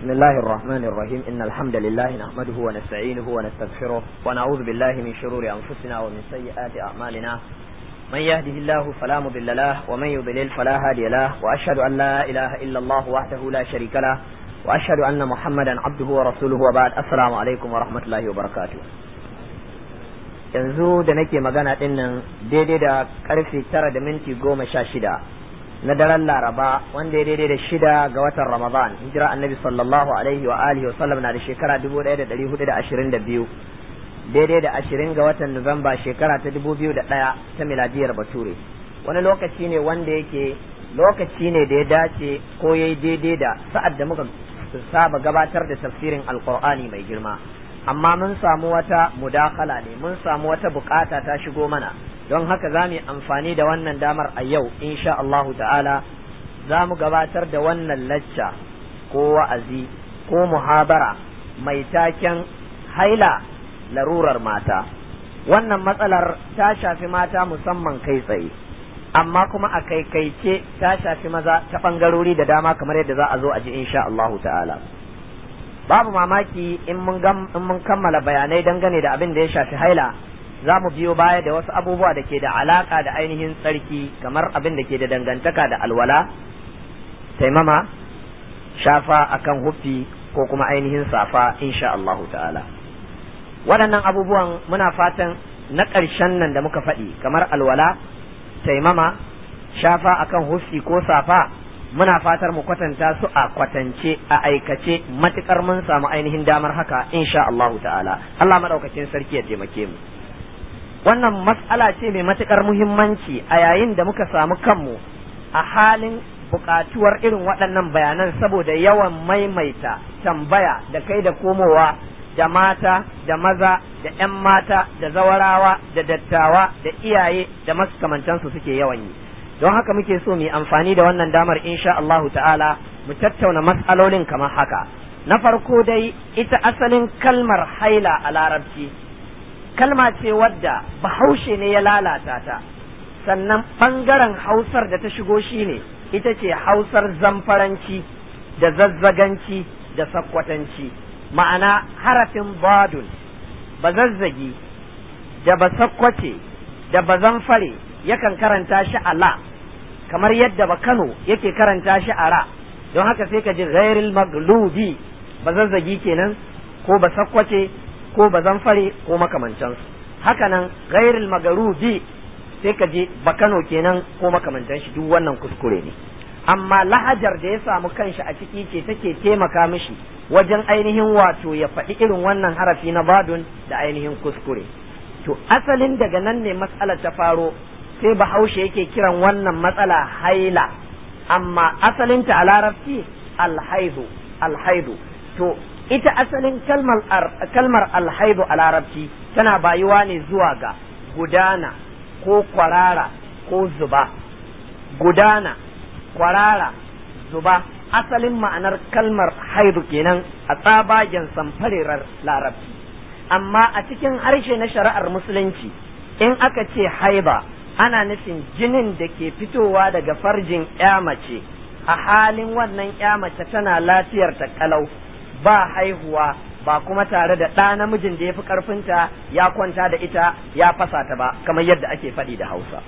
بسم الله الرحمن الرحيم إن الحمد لله نحمده ونستعينه ونستغفره ونعوذ بالله من شرور أنفسنا ومن سيئات أعمالنا من يهده الله فلا مضل له ومن يضلل فلا هادي له وأشهد أن لا إله إلا الله وحده لا شريك له وأشهد أن محمدا عبده ورسوله وبعد السلام عليكم ورحمة الله وبركاته yanzu da nake magana dinnan daidai da karfe tara da minti goma sha shida na daren laraba wanda ya daidai da shida ga watan ramadan hijira annabi sallallahu alaihi wa alihi wa sallam na da shekara 1422 daidai da ashirin ga watan nuwamba shekara ta 2001 ta miladiyar bature wani lokaci ne wanda yake lokaci ne da ya dace ko ya yi daidai da sa'ad da muka saba gabatar da tafsirin alkur'ani mai girma amma mun samu wata mudakala ne mun samu wata bukata ta shigo mana don haka za mu amfani da wannan damar a yau insha Allahu ta'ala za mu gabatar da wannan lacca ko wa'azi ko muhabara mai taken haila larurar mata wannan matsalar ta shafi mata musamman kai tsaye amma kuma a kaikaice ta shafi maza ta ɓangarori da dama kamar yadda za a zo a ji insha Allahu ta'ala babu mamaki in mun kammala bayanai dangane da abin da ya shafi haila za mu biyo baya da wasu abubuwa da ke da alaka da ainihin tsarki kamar abin da ke da dangantaka da alwala taimama shafa akan huffi ko kuma ainihin safa insha Allahu ta'ala waɗannan abubuwan muna fatan na ƙarshen nan da muka faɗi kamar alwala taimama shafa akan hufi ko safa muna fatar mu kwatanta su a kwatance a aikace matukar mun samu ainihin damar haka insha Allahu ta'ala Allah maɗaukacin sarki ya taimake mu wannan mas'ala ce mai matukar muhimmanci a yayin da muka samu kanmu a halin bukatuwar irin waɗannan bayanan saboda yawan maimaita tambaya da kai da komowa da mata da maza da 'yan mata da zawarawa da dattawa da iyaye da makamantansu suke yawan yi don haka muke so mu yi amfani da wannan damar insha Allahu ta'ala mu tattauna matsalolin kamar haka na farko dai ita asalin kalmar haila a larabci kalma ce wadda bahaushe ne ya lalata ta sannan ɓangaren hausar da ta shigo shi ne ita ce hausar zamfaranci da zazzaganci da sakkwatanci ma'ana harafin badun ba zazzagi da ba sakkwace da ba zamfare yakan karanta shi a la kamar yadda ba kano yake karanta shi a ra don haka sai ka ji ghairil maglubi ba zazzagi kenan ko ba sakkwace ko bazan fare ko makamantansu hakanan ghairil magarubi sai ka je bakano kenan ko makamantan shi duk wannan kuskure ne amma lahajar da ya samu kanshi a ciki ce take taimaka mishi wajen ainihin wato ya faɗi irin wannan harafi na badun da ainihin kuskure to asalin daga nan ne matsalar ta faro sai bahaushe yake kiran wannan matsala haila amma asalinta a larabci alhaidu alhaidu to ita asalin kalmar alhaidu a larabci tana bayuwa ne zuwa ga gudana ko kwarara ko zuba gudana kwarara zuba asalin ma'anar kalmar haidu kenan a tsabagen samfarerar larabci amma a cikin harshe na shari'ar musulunci in aka ce haiba ana nufin jinin da ke fitowa daga farjin ya mace a halin wannan ya mace tana lafiyar ta kalau ba haihuwa ba kuma tare da ɗa namijin da ya fi ƙarfinta ya kwanta da ita ya fasa ta ba kamar yadda ake faɗi da hausa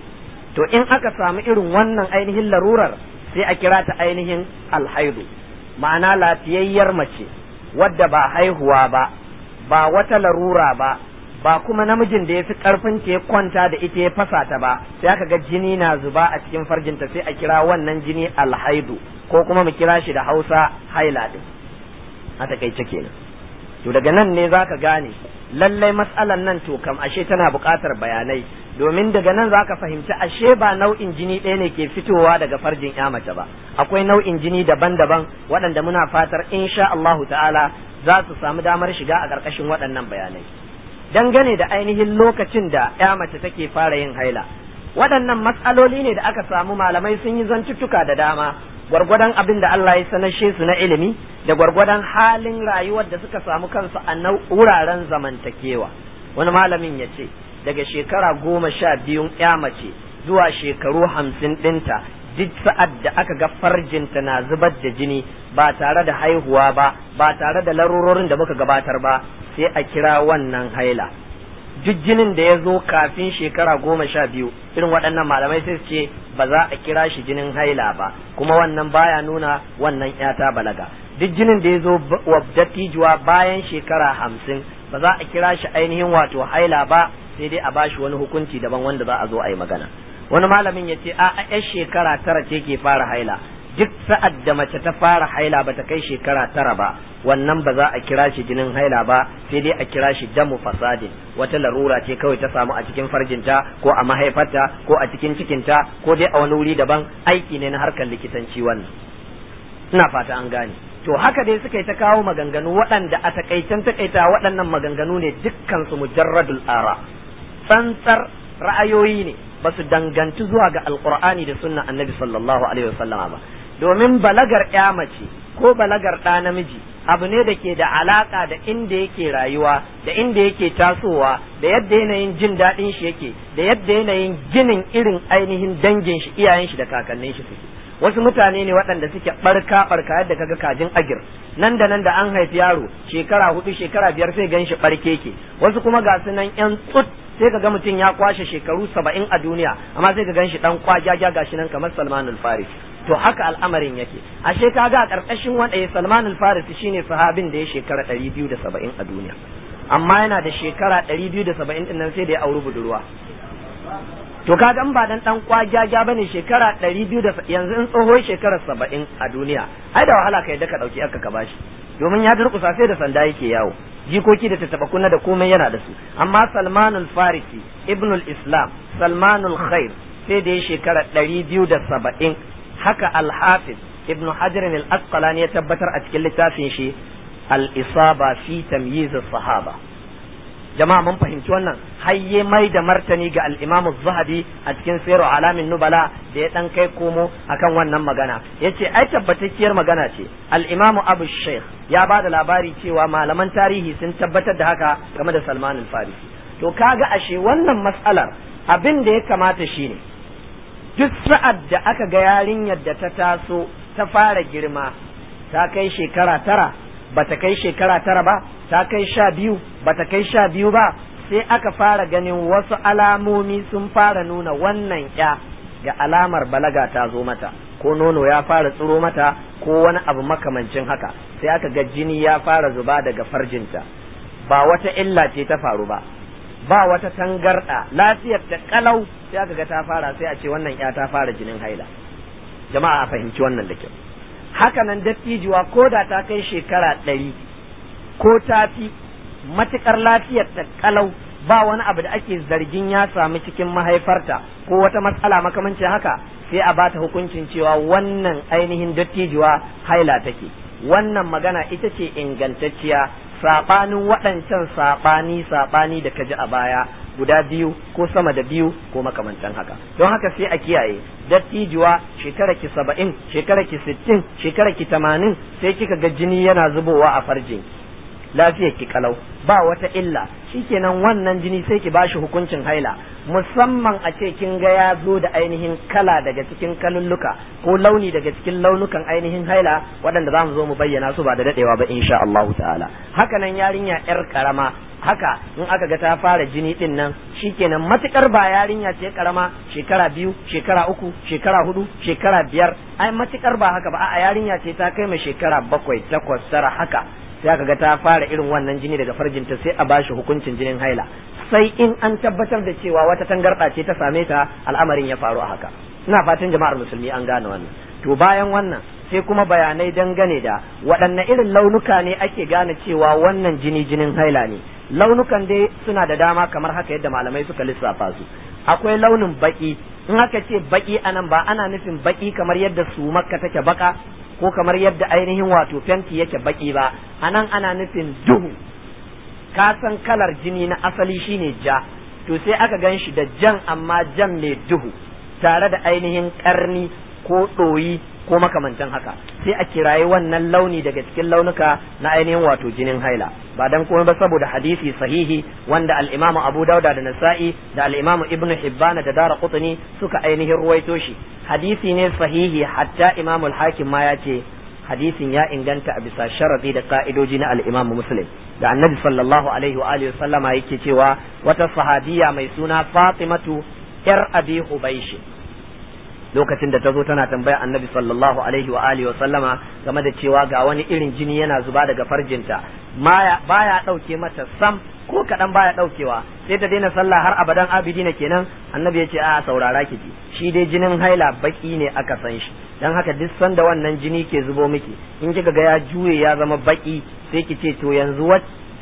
to in aka samu irin wannan ainihin larurar sai a kira ta ainihin alhaidu ma'ana lafiyayyar mace wadda ba haihuwa ba ba wata larura ba ba kuma namijin da ya fi ƙarfin ta ya kwanta da ita ya fasa ta ba sai aka ga jini na zuba a cikin farjinta sai a kira wannan jini alhaidu ko kuma mu kira shi da hausa haila a takaice kenan to daga nan ne zaka gane lallai matsalan nan to kam ashe tana buƙatar bayanai domin daga nan zaka fahimci ashe ba nau'in jini ɗaya ne ke fitowa daga farjin ya mace ba akwai nau'in jini daban-daban waɗanda muna fatar insha Allahu ta'ala za su samu damar shiga a ƙarƙashin waɗannan bayanai dangane da ainihin lokacin da ya mace take fara yin haila waɗannan matsaloli ne da aka samu malamai sun yi zantuttuka da dama gwargwadon abin da Allah ya sanashe su na ilimi da gwargwadon halin rayuwar da suka samu kansu a wuraren zamantakewa wani malamin ya ce daga shekara goma sha biyun ya mace zuwa shekaru hamsin ɗinta duk sa'ad da aka ga farjinta na zubar da jini ba tare da haihuwa ba ba tare da larurorin da muka gabatar ba sai a kira wannan haila duk jinin da ya zo kafin shekara goma sha biyu irin waɗannan malamai sai ce ba za a kira shi jinin haila ba kuma wannan baya nuna wannan yata balaga duk jinin da ya zo wa dattijuwa bayan shekara hamsin ba za a kira shi ainihin wato haila ba sai dai a bashi wani hukunci daban wanda za a zo a yi magana wani malamin ya ce a'a yar shekara tara ce ke fara haila duk sa'ad da mace ta fara haila ba ta kai shekara tara ba wannan ba za a kira shi jinin haila ba sai dai a kira shi damu fasadin wata larura ce kawai ta samu a cikin farjinta ko a mahaifarta ko a cikin cikinta ko dai a wani wuri daban aiki ne na harkar likitanci wannan ina fata an gane to haka dai suka yi ta kawo maganganu waɗanda a takaicen takaita waɗannan maganganu ne dukkan su mujarradul ara tsantsar ra'ayoyi ne ba su danganci zuwa ga alqur'ani da sunna annabi sallallahu alaihi wasallama ba domin balagar ya mace ko balagar ɗa namiji abu ne da ke da alaƙa da inda yake rayuwa da inda yake tasowa da yadda yanayin jin daɗin shi yake da yadda yanayin ginin irin ainihin dangin shi iyayen shi da kakannin shi suke wasu mutane ne waɗanda suke barka barka yadda kaga kajin agir nan da nan da an haifi yaro shekara hudu shekara biyar sai gan shi barke ke wasu kuma ga su nan yan tsut sai ka ga mutum ya kwashe shekaru saba'in a duniya amma sai ka gan shi dan ga shi nan kamar salmanul faris to haka al'amarin yake ashe kaga a karkashin wanda ya Salman al-Farisi shine sahabin da ya shekara 270 a duniya amma yana da shekara 270 din nan sai da ya auri budurwa to kaga in ba dan dan kwagyaja bane shekara 270 yanzu in tsohon shekara 70 a duniya ai da wahala kai da ka dauki aka ka bashi domin ya durkusa sai da sanda yake yawo jikoki da tattabakuna da komai yana da su amma al Farisi Ibnul Islam Salmanul Khair sai da ya shekara 270 haka alhafiz ibn hajar al-asqalani ya tabbatar a cikin littafin shi al-isaba fi tamyiz sahaba jama'a mun fahimci wannan hayye mai da martani ga al-imam az-zahabi a cikin sayru alamin nubala da ya dan kai komo akan wannan magana yace ai tabbatacciyar magana ce al-imam abu shaykh ya ba da labari cewa malaman tarihi sun tabbatar da haka game da salman al-farisi to kaga ashe wannan mas'alar abin da ya kamata shine duk sa'ad da aka ga yarinyar da ta taso ta fara girma ta kai shekara tara bata kai shekara tara ba ta kai sha biyu bata kai sha biyu ba sai aka fara ganin wasu alamomi sun fara nuna wannan ya ga alamar balaga ta zo mata ko nono ya fara tsiro mata ko wani abu makamancin haka sai aka ga jini ya fara zuba daga farjinta ba wata illa ce ta faru ba ba wata tangarda lafiyar ta kalau sai aka ga ta fara sai a ce wannan ya ta fara jinin haila jama'a a fahimci wannan da kyau haka nan dattijuwa ko da ta kai shekara ɗari ko ta fi matuƙar lafiyar ta kalau ba wani abu da ake zargin ya samu cikin mahaifarta ko wata matsala makamancin haka sai a bata hukuncin cewa wannan ainihin dattijuwa haila take wannan magana ita ce ingantacciya saɓanin waɗancan saɓani saɓani da ka ji a baya guda biyu ko sama da biyu ko makamantan haka don haka sai a kiyaye dattijuwa shekara ki saba'in shekara ki sittin shekara ki tamanin sai kika ga jini yana zubowa a farjin lafiyar ki kalau ba wata illa shi shikenan wannan jini sai ki bashi hukuncin haila musamman a ce kin ga ya zo da ainihin kala daga cikin kalulluka ko launi daga cikin launukan ainihin haila waɗanda za mu zo mu bayyana su ba da daɗewa ba insha Allah ta'ala hakanan nan yarinya yar karama haka in aka ga ta fara jini din nan shikenan matukar ba yarinya ce karama shekara biyu shekara uku shekara hudu shekara biyar ai matukar ba haka ba a yarinya ce ta kai mai shekara bakwai takwas tara haka sai aka ga ta fara irin wannan jini daga farjinta sai a bashi hukuncin jinin haila sai in an tabbatar da cewa wata tangarɗa ce ta same ta al'amarin ya faru a haka ina fatan jama'ar musulmi an gane wannan to bayan wannan sai kuma bayanai dangane da waɗanne irin launuka ne ake gane cewa wannan jini jinin haila ne launukan dai suna da dama kamar haka yadda malamai suka lissafa su akwai launin baki in aka ce baki anan ba ana nufin baki kamar yadda su makka take baka ko kamar yadda ainihin wato fenti yake baki ba anan ana nufin duhu ka san kalar jini na asali shine ja to sai aka gan shi da jan amma jan mai duhu tare da ainihin karni ko ɗoyi ko makamantan haka sai a kirayi wannan launi daga cikin launuka na ainihin wato jinin haila ba dan komai ba saboda hadisi sahihi wanda al-Imam Abu Dauda da Nasa'i da al-Imam Ibn Hibban da Daraqutni suka ainihin ruwaito shi hadisi ne sahihi hatta Imam al-Hakim ma ya ce hadisin ya inganta a bisa sharadi da ka'idoji na al-Imam Muslim da Annabi sallallahu alaihi wa alihi sallama yake cewa wata sahabiya mai suna Fatimatu yar Abi Hubaysh lokacin da ta zo tana tambaya annabi sallallahu alaihi wa alihi wa sallama game da cewa ga wani irin jini yana zuba daga farjinta baya dauke mata sam ko kaɗan baya ɗaukewa sai ta daina sallah har abadan abidina kenan annabi ya ce a saurara ki ji shi dai jinin haila baki ne aka san shi dan haka duk sanda wannan jini ke zubo miki in kika ga ya juye ya zama baki sai kice to yanzu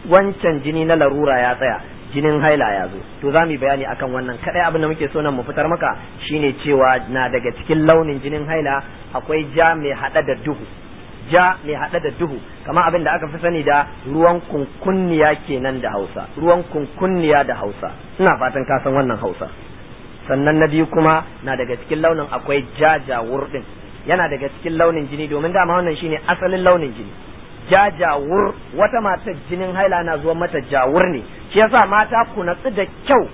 wancan jini na larura ya tsaya jinin haila ya zo to za mu bayani akan wannan kadai abin da muke so nan mu fitar maka shine cewa na daga cikin launin jinin haila akwai ja mai hada da duhu ja mai hada da duhu kamar abin da aka fi sani da ruwan kunkunniya kenan da Hausa ruwan kunkunniya da Hausa ina fatan ka san wannan Hausa sannan na biyu kuma na daga cikin launin akwai jaja wurdin yana daga cikin launin jini domin dama wannan shine asalin launin jini jajawur wata matar jinin haila na zuwa mata jawur ne shi yasa mata ku natsu da kyau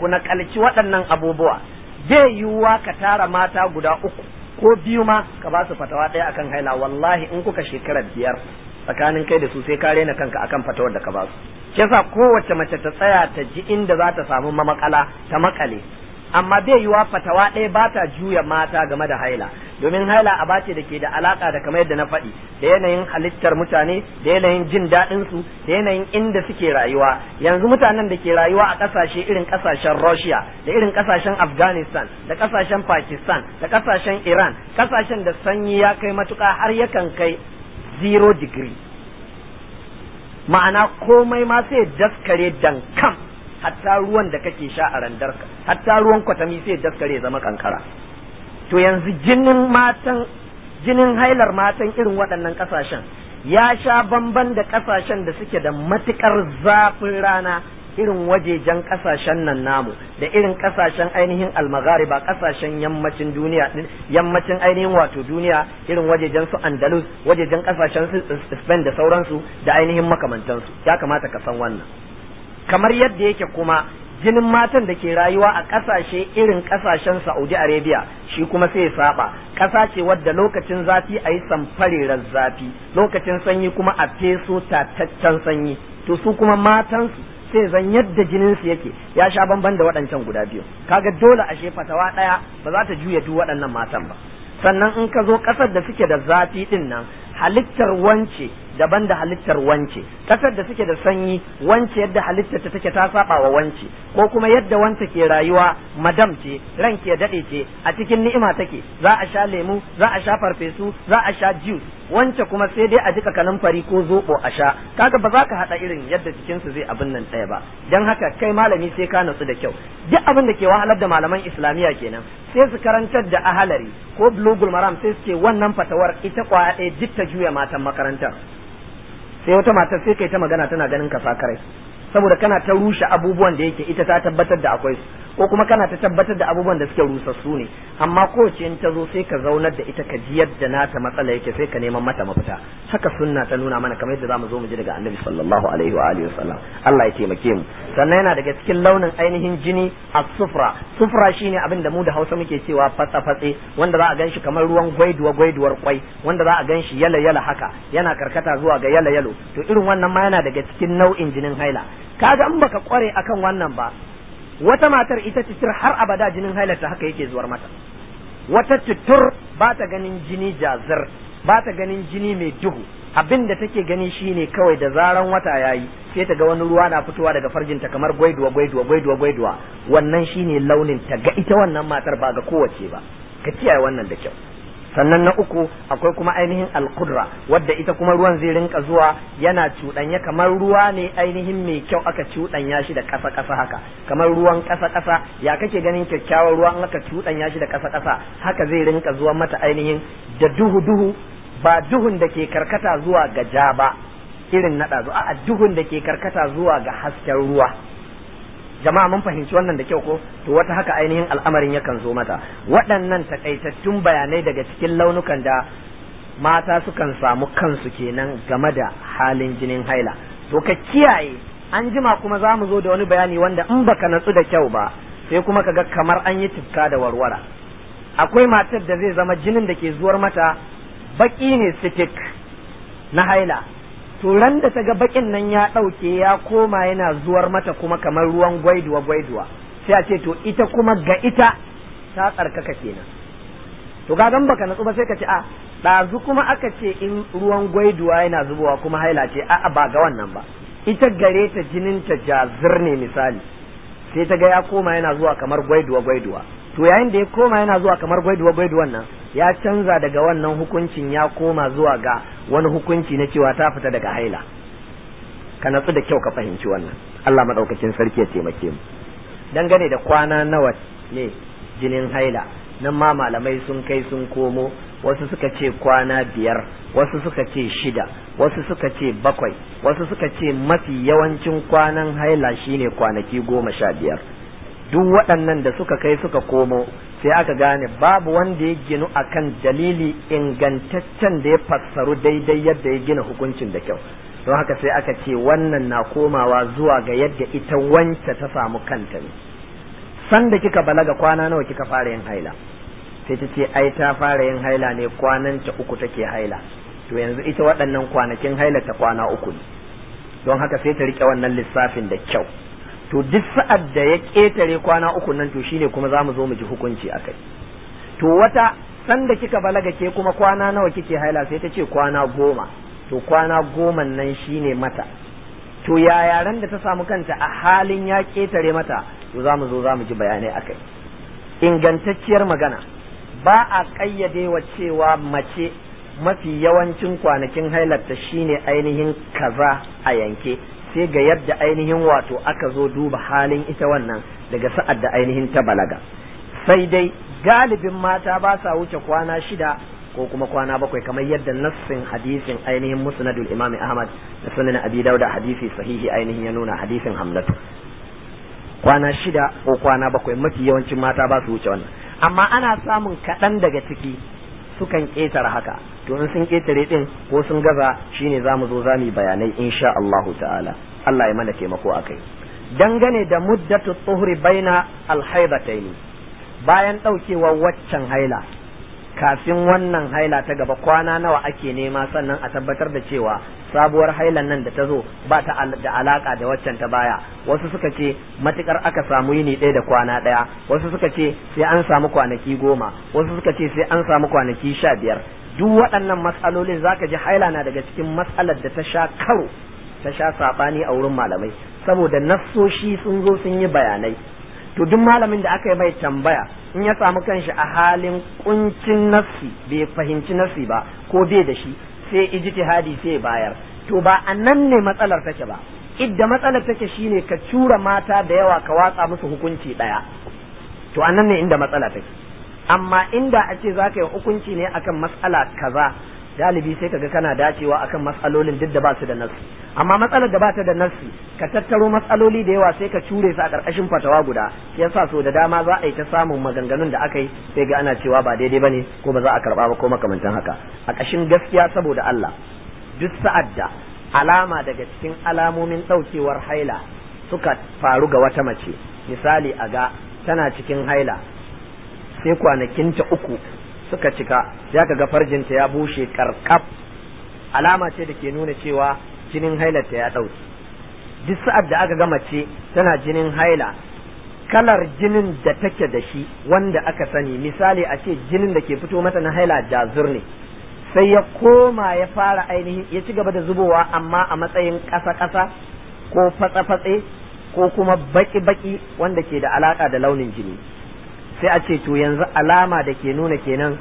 ku nakalci waɗannan abubuwa zai yiwuwa ka tara mata guda uku ko biyu ma ka ba su fatawa ɗaya akan haila wallahi in kuka shekarar biyar tsakanin kai da su sai ka rena kanka akan fatawar da ka ba su shi yasa kowace mace ta tsaya ta ji inda za ta samu mamakala ta makale amma bai yiwa fatawa ɗaya ba ta juya mata game da haila domin haila a ce da ke da alaka da kamar yadda na faɗi da yanayin halittar mutane da yanayin jin daɗinsu da yanayin inda suke rayuwa yanzu mutanen da ke rayuwa a ƙasashe irin ƙasashen Russia da irin ƙasashen Afghanistan da ƙasashen Pakistan da ƙasashen Iran ƙasashen da sanyi ya kai matuƙa har yakan kai zero degree ma'ana komai ma sai daskare dankam hatta ruwan da kake sha a randarka hatta ruwan kwatami sai daskare zama kankara to yanzu jinin matan jinin hailar matan irin waɗannan ƙasashen ya sha bamban da ƙasashen da suke da matukar zafin rana irin wajejen ƙasashen nan namu da irin ƙasashen ainihin almagariba ƙasashen yammacin duniya yammacin ainihin wato duniya irin wajejen su andalus wajejen ƙasashen su spain da sauransu da ainihin makamantansu ya kamata ka san wannan kamar yadda yake kuma jinin matan da ke rayuwa a kasashe irin ƙasashen Saudi Arabia shi kuma sai saba ƙasa ce wadda lokacin zafi a yi samfarerar zafi lokacin sanyi kuma a feso tataccen sanyi to su kuma matansu sai zan yadda jininsu yake ya sha bamban da waɗancan guda biyu kaga dole ashe fatawa ɗaya ba za ta juya duk waɗannan matan ba sannan in ka zo ƙasar da suke da zafi ɗin nan halittar wance daban da halittar wance kasar da suke da sanyi wance yadda halittar ta take ta saba wa wance ko kuma yadda wance ke rayuwa madam ce ran ke dade ce a cikin ni'ima take za a sha lemu za a sha farfesu za a sha juice wance kuma sai dai a jika kanumfari ko zobo a sha kaga ba za ka hada irin yadda jikinsu zai abin nan ɗaya ba dan haka kai malami sai ka nutsu da kyau duk abin da ke wahalar da malaman islamiyya kenan sai su karantar da ahalari ko blogul maram sai su ce wannan fatawar ita kwaya ɗaya duk ta juya matan makarantar sai wata matar sai kai ta magana tana ganin ka sakarai saboda kana ta rushe abubuwan da yake ita ta tabbatar da akwai su ko kuma kana ta tabbatar da abubuwan da suke rusassu ne amma kowace in ta zo sai ka zaunar da ita ka ji yadda nata matsala yake sai ka neman mata mafita haka sunna ta nuna mana kamar yadda zamu zo mu ji daga annabi sallallahu alaihi wa alihi wasallam Allah ya taimake mu sannan yana daga cikin launin ainihin jini as-sufra sufra shine abin da mu da Hausa muke cewa fatsa fatse wanda za a ganshi kamar ruwan gwaiduwa gwaiduwar kwai wanda za a ganshi yala yala haka yana karkata zuwa ga yala yalo to irin wannan ma yana daga cikin nau'in jinin haila kaga in baka kware akan wannan ba wata matar ita titir har abada jinin hailata haka yake zuwar mata wata titur ba ta ganin jini jazir ba ta ganin jini mai duhu abin da take gani shine kawai da zaran wata yayi sai ta ga wani ruwa na fitowa daga farjinta kamar gwaiduwa gwaiduwa gwaiduwa gwaiduwa wannan shine launin ta ga ita wannan matar ba ga kowace ba ka kiyaye wannan da kyau sannan na uku akwai kuma ainihin alkudra wadda ita kuma ruwan zai rinka zuwa yana cuɗanya kamar ruwa ne ainihin mai kyau aka cuɗanya shi da ƙasa ƙasa haka kamar ruwan ƙasa ƙasa ya kake ganin kyakkyawan ruwa in aka cuɗanya shi da ƙasa ƙasa haka zai rinka zuwa mata ainihin da duhu duhu ba duhun da ke karkata zuwa ga ja ba irin na ɗazu a duhun da ke karkata zuwa ga hasken ruwa jama'a mun fahimci wannan da kyau ko to wata haka ainihin al'amarin yakan zo mata waɗannan takaitattun bayanai daga cikin launukan da mata sukan samu kansu kenan game da halin jinin haila to ka kiyaye an jima kuma za mu zo da wani bayani wanda in baka natsu da kyau ba sai kuma ka ga kamar an yi tufka da warwara akwai matar da zai zama jinin da ke zuwar mata baki ne sitik na haila to ran da ta ga bakin nan ya ɗauke ya koma yana zuwar mata kuma kamar ruwan gwaiduwa gwaiduwa sai a ce to ita kuma ga ita ta tsarkaka kenan to ga gan baka natsu ba sai ka ce a ɗazu kuma aka ce in ruwan gwaiduwa yana zubowa kuma haila ce a'a ba ga wannan ba ita gare ta jinin ta jazir ne misali sai ta ga ya koma yana zuwa kamar gwaiduwa gwaiduwa to yayin da ya koma yana zuwa kamar gwaiduwa gwaiduwan nan ya canza daga wannan hukuncin ya koma zuwa ga wani hukunci na cewa ta fita daga haila ka natsu da kyau ka fahimci wannan Allah madaukakin sarki ya taimake mu dangane da kwana nawa ne jinin haila nan ma malamai sun kai sun komo wasu suka ce kwana biyar wasu suka ce shida wasu suka ce bakwai wasu suka ce mafi yawancin kwanan haila shine kwanaki goma sha biyar duk waɗannan da suka kai suka komo sai aka gane babu wanda ya ginu akan dalili ingantaccen da ya fassaru daidai yadda ya gina hukuncin da kyau don haka sai aka ce wannan na komawa zuwa ga yadda ita wance ta samu kanta ne sanda kika balaga kwana nawa kika fara yin haila sai ta ce ai ta fara yin haila ne kwanan ta uku take haila to yanzu ita waɗannan kwanakin haila ta kwana uku ne don haka sai ta rike wannan lissafin da kyau to duk sa'ad da ya ƙetare kwana uku nan to shine kuma za mu zo mu ji hukunci a kai to wata sanda kika balaga ke kuma kwana nawa kike haila sai ta ce kwana goma to kwana goma nan shine mata to ya yaran da ta samu kanta a halin ya ƙetare mata to za mu zo za mu ji bayanai a kai ingantacciyar magana ba a ƙayyade wa cewa mace mafi yawancin kwanakin hailarta shine ainihin kaza a yanke sai ga yadda ainihin wato aka zo duba halin ita wannan daga sa'ad da ainihin ta balaga sai dai galibin mata ba sa wuce kwana shida ko kuma kwana bakwai kamar yadda nassin hadisin ainihin musnadul imami ahmad da sunan abi dauda hadisi sahihi ainihin ya nuna hadisin hamlatu kwana shida ko kwana bakwai mafi yawancin mata ba su wuce wannan amma ana samun kaɗan daga ciki sukan ƙetare haka to in sun ƙetare din ko sun gaza shine za mu zo za mu bayanai insha Allahu ta'ala Allah ya mana taimako akai dangane da muddatu tuhri baina alhaidataini bayan daukewa waccan haila kafin wannan haila ta gaba kwana nawa ake nema sannan a tabbatar da cewa sabuwar hailan nan da ta zo ba ta da alaka da waccan ta baya wasu suka ce matukar aka samu yini ɗaya da kwana ɗaya wasu suka ce sai an samu kwanaki goma wasu suka ce sai an samu kwanaki sha biyar duk waɗannan matsalolin zaka ji haila na daga cikin matsalar da ta sha karo ta sha saɓani a wurin malamai saboda nassoshi sun zo sun yi bayanai to duk malamin da aka yi mai tambaya in ya samu kanshi a halin kuncin nassi bai fahimci nassi ba ko bai da shi sai ijtihadi sai bayar to ba anan ne matsalar take ba idda matsalar take shine ka cura mata da yawa ka watsa musu hukunci daya to annan ne inda matsala take amma inda a ce za ka yi hukunci ne akan matsala kaza galibi sai kaga kana dacewa akan matsalolin duk da ba su da nassi amma matsalar da ba ta da nassi ka tattaro matsaloli da yawa sai ka cure su a ƙarƙashin fatawa guda yasa so da dama za a yi ta samun maganganun da aka yi sai ga ana cewa ba daidai ba ne ko ba za a karɓa ba ko makamantan haka a ƙashin gaskiya saboda Allah duk sa'ad da alama daga cikin alamomin daukewar haila suka faru ga wata mace misali a ga tana cikin haila sai kwanakinta uku suka cika ya kaga farjinta ya bushe karkaf alama ce da ke nuna cewa jinin ta ya ɗauki duk sa'ad da aka gama ce tana jinin haila kalar jinin da take da shi wanda aka sani misali a ce jinin da ke fito mata na haila jazur ne sai ya koma ya fara ainihin ya ci gaba da zubowa amma a matsayin ƙasa-ƙasa ko fatsa-fatse ko kuma baki-baki wanda ke da alaƙa da launin jini sai a ce to yanzu alama da ke nuna kenan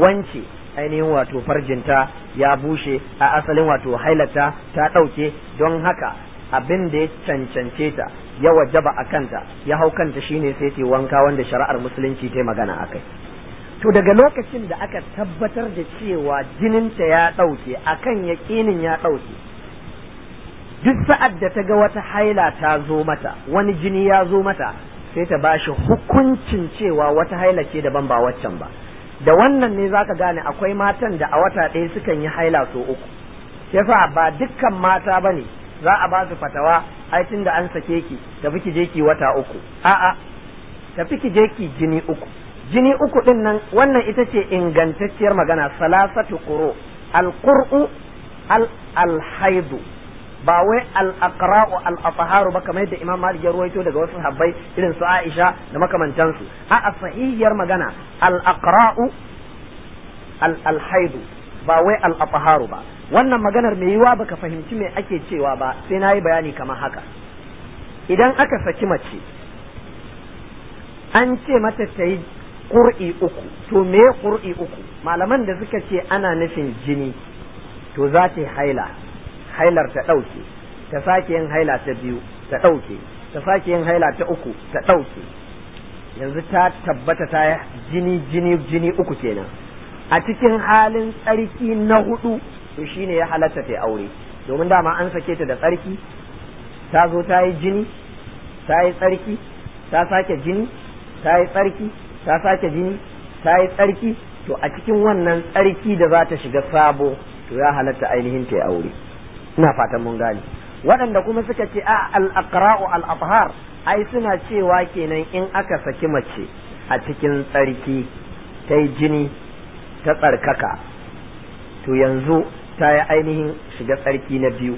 wance ainihin wato farjinta ya bushe a asalin wato hailata ta ɗauke don haka abin da ya cancance ta ya wajaba a kanta ya hau kanta shine sai ta wanka wanda shari'ar musulunci ta magana a kai. to daga lokacin da aka tabbatar da cewa jininta ya ɗauke akan yaƙinin ya ɗauke duk sa'ad da ta ga wata haila ta zo mata wani jini ya zo mata sai ta bashi hukuncin cewa wata haila ce daban ba waccan ba da wannan ne zaka gane akwai matan da a wata ɗaya sukan yi haila so uku fa ba dukkan mata bane za a ba su fatawa ai da an sake ki tafi ki je ki wata uku a'a tafi ki je ki jini uku jini uku din nan wannan ita ce ingantacciyar magana salasatu quru al-qur'u al haidu ba wai al-aqra'u al-athaharu ba kamar yadda Imam Malik ya ruwaito daga wasu habbai irin su Aisha da makamantansu a sahihiyar magana al-aqra'u al-haidu ba wai al ba wannan maganar mai yiwa baka fahimci me ake cewa ba sai nayi bayani kamar haka idan aka saki mace an ce mata ta yi ƙur'i uku to me ƙur'i uku malaman da suka ce ana nufin jini to za ta yi haila hailar ta ɗauke ta sake yin haila ta biyu ta ɗauke ta sake yin haila ta uku ta ɗauke yanzu ta tabbata ta jini jini jini uku kenan a cikin halin tsarki na hudu to shine ya halatta ta aure domin dama an sake ta da tsarki ta zo ta yi jini ta yi tsarki ta sake jini ta yi tsarki ta sake jini ta yi tsarki to a cikin wannan tsarki da za ta shiga sabo to ya halatta ainihin ta aure ina fatan mun gane waɗanda kuma suka ce a al-aqra'u al afhar ai suna cewa kenan in aka saki mace a cikin tsarki ta yi jini ta tsarkaka to yanzu ta yi ainihin shiga tsarki na biyu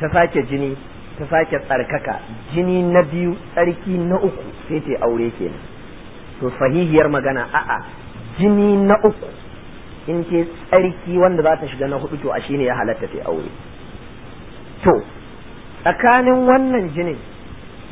ta sake jini ta sake tsarkaka jini na biyu tsarki na uku sai ta aure kenan to sahihiyar magana a'a jini na uku in ce tsarki wanda za ta shiga na hudu to a shine ya halatta ta aure to tsakanin wannan jinin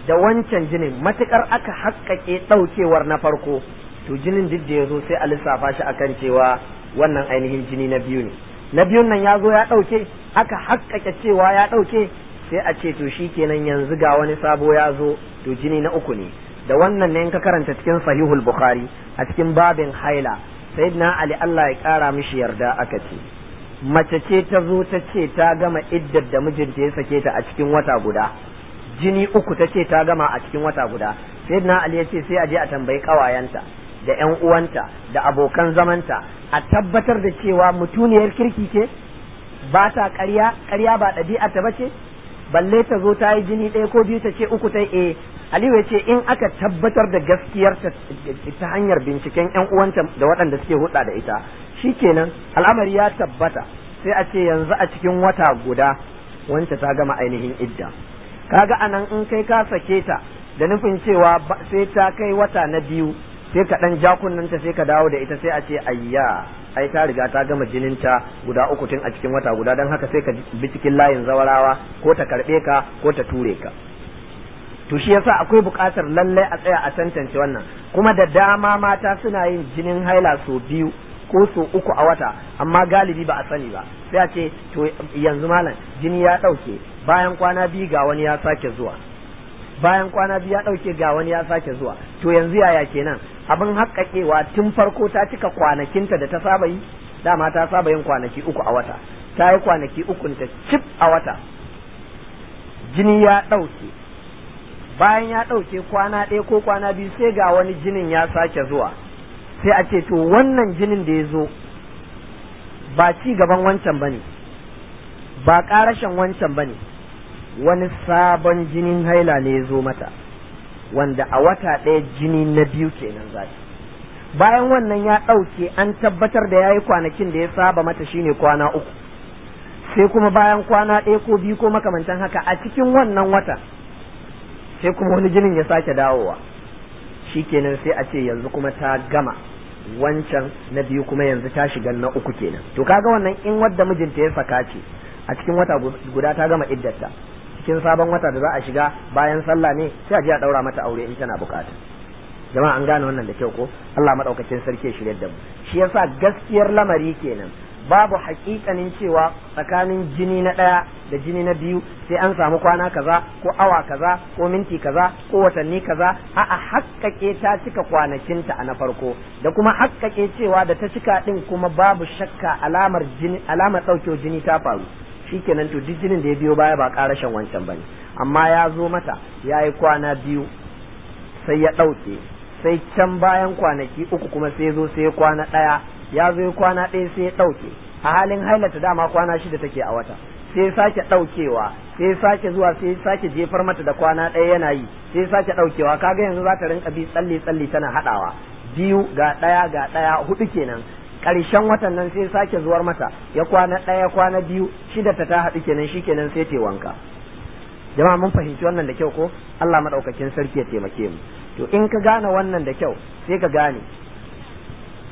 da wancan jinin matukar aka haƙƙaƙe ɗaukewar na farko to jinin duk da ya zo sai a lissafa shi akan cewa wannan ainihin jini na biyu ne na biyun nan ya zo ya ɗauke aka haƙƙaƙe cewa ya ɗauke sai a ce to shi kenan yanzu ga wani sabo ya zo to jini na uku ne da wannan ne in ka karanta cikin sahihul bukhari a cikin babin haila sayyidina ali Allah ya ƙara mishi yarda aka ce mace ce ta zo ta ce ta gama iddar da mijinta ya sake ta a cikin wata guda jini uku ta ce ta gama a cikin wata guda sai na ali ya ce sai a je a tambayi kawayenta da yan uwanta da abokan zamanta a tabbatar da cewa mutuniyar kirki ce ba ta ƙarya ƙarya ba ɗabi'a ta bace balle ta zo ta yi jini ɗaya ko biyu ta ce uku ta e Aliyu ya ce in aka tabbatar da gaskiyar ta hanyar binciken yan uwanta da waɗanda suke hulɗa da ita shikenan al'amari ya tabbata sai a ce yanzu a cikin wata guda wancan ta gama ainihin idda kaga anan in kai ka sake ta da nufin cewa sai ta kai wata na biyu sai ka dan jakunnanta sai ka dawo da ita sai a ce ayya ai ta riga ta gama jinin ta guda uku tun a cikin wata guda don haka sai ka bi cikin layin zawarawa ko ta karbe ka ko ta ture ka to shi yasa akwai buƙatar lallai a tsaya a tantance wannan kuma da dama mata suna yin jinin haila sau biyu ko so uku a wata amma galibi ba a sani ba sai a ce to yanzu malam jini ya ɗauke bayan kwana biyu ga wani ya sake zuwa bayan kwana biyu ya ɗauke ga wani ya sake zuwa to yanzu yaya kenan abin haƙaƙewa tun farko ta cika kwanakinta da ta saba yi dama ta saba yin kwanaki uku a wata ta yi kwanaki uku ta cif a wata jini ya ɗauke bayan ya ɗauke kwana ɗaya ko kwana biyu sai ga wani jinin ya sake zuwa sai a ce to wannan jinin da ya zo ba ci gaban wancan bane ba ƙarashin wancan bane wani sabon jinin haila ne ya zo mata wanda a wata ɗaya jini na biyu kenan za bayan wannan ya ɗauke an tabbatar da ya yi kwanakin da ya saba mata shine kwana uku sai kuma bayan kwana ɗaya ko biyu ko makamantan haka a cikin wannan wata sai kuma wani jinin ya sake dawowa shi kenan sai a ce yanzu kuma ta gama wancan na biyu kuma yanzu ta shiga na uku kenan to kaga wannan in wadda mijinta ya saka ce a cikin wata guda ta gama iddarta cikin sabon wata da za a shiga bayan sallah ne sai a je a daura mata aure in tana bukata jama'a an gane wannan da kyau ko Allah madaukakin sarki ya shirye da mu shi yasa gaskiyar lamari kenan babu hakikanin cewa tsakanin jini na ɗaya da jini na biyu sai an samu kwana kaza ko awa kaza ko minti kaza ko watanni kaza a a hakkake ta cika kwanakinta a na farko da kuma hakkake cewa da ta cika ɗin kuma babu shakka alamar jini alamar ɗaukewar jini ta faru shikenan to duk jinin da ya biyo baya ba shan wancan ba ne amma ya zo mata ya yi kwana biyu sai ya ɗauke sai can bayan kwanaki uku kuma sai zo sai kwana ɗaya ya zo kwana ɗaya sai ya ɗauke a halin hailata dama kwana shida take a wata sai sake ɗaukewa sai sake zuwa sai sake jefar mata da kwana ɗaya yana yi sai sake ɗaukewa kaga yanzu za ta rinka bi tsalle tsalle tana haɗawa biyu ga ɗaya ga ɗaya hudu kenan ƙarshen watan nan sai sake zuwar mata ya kwana ɗaya kwana biyu shida ta ta haɗu kenan shi kenan sai ta wanka jama'a mun fahimci wannan da kyau ko Allah madaukakin sarki ya taimake mu to in ka gane wannan da kyau sai ka gane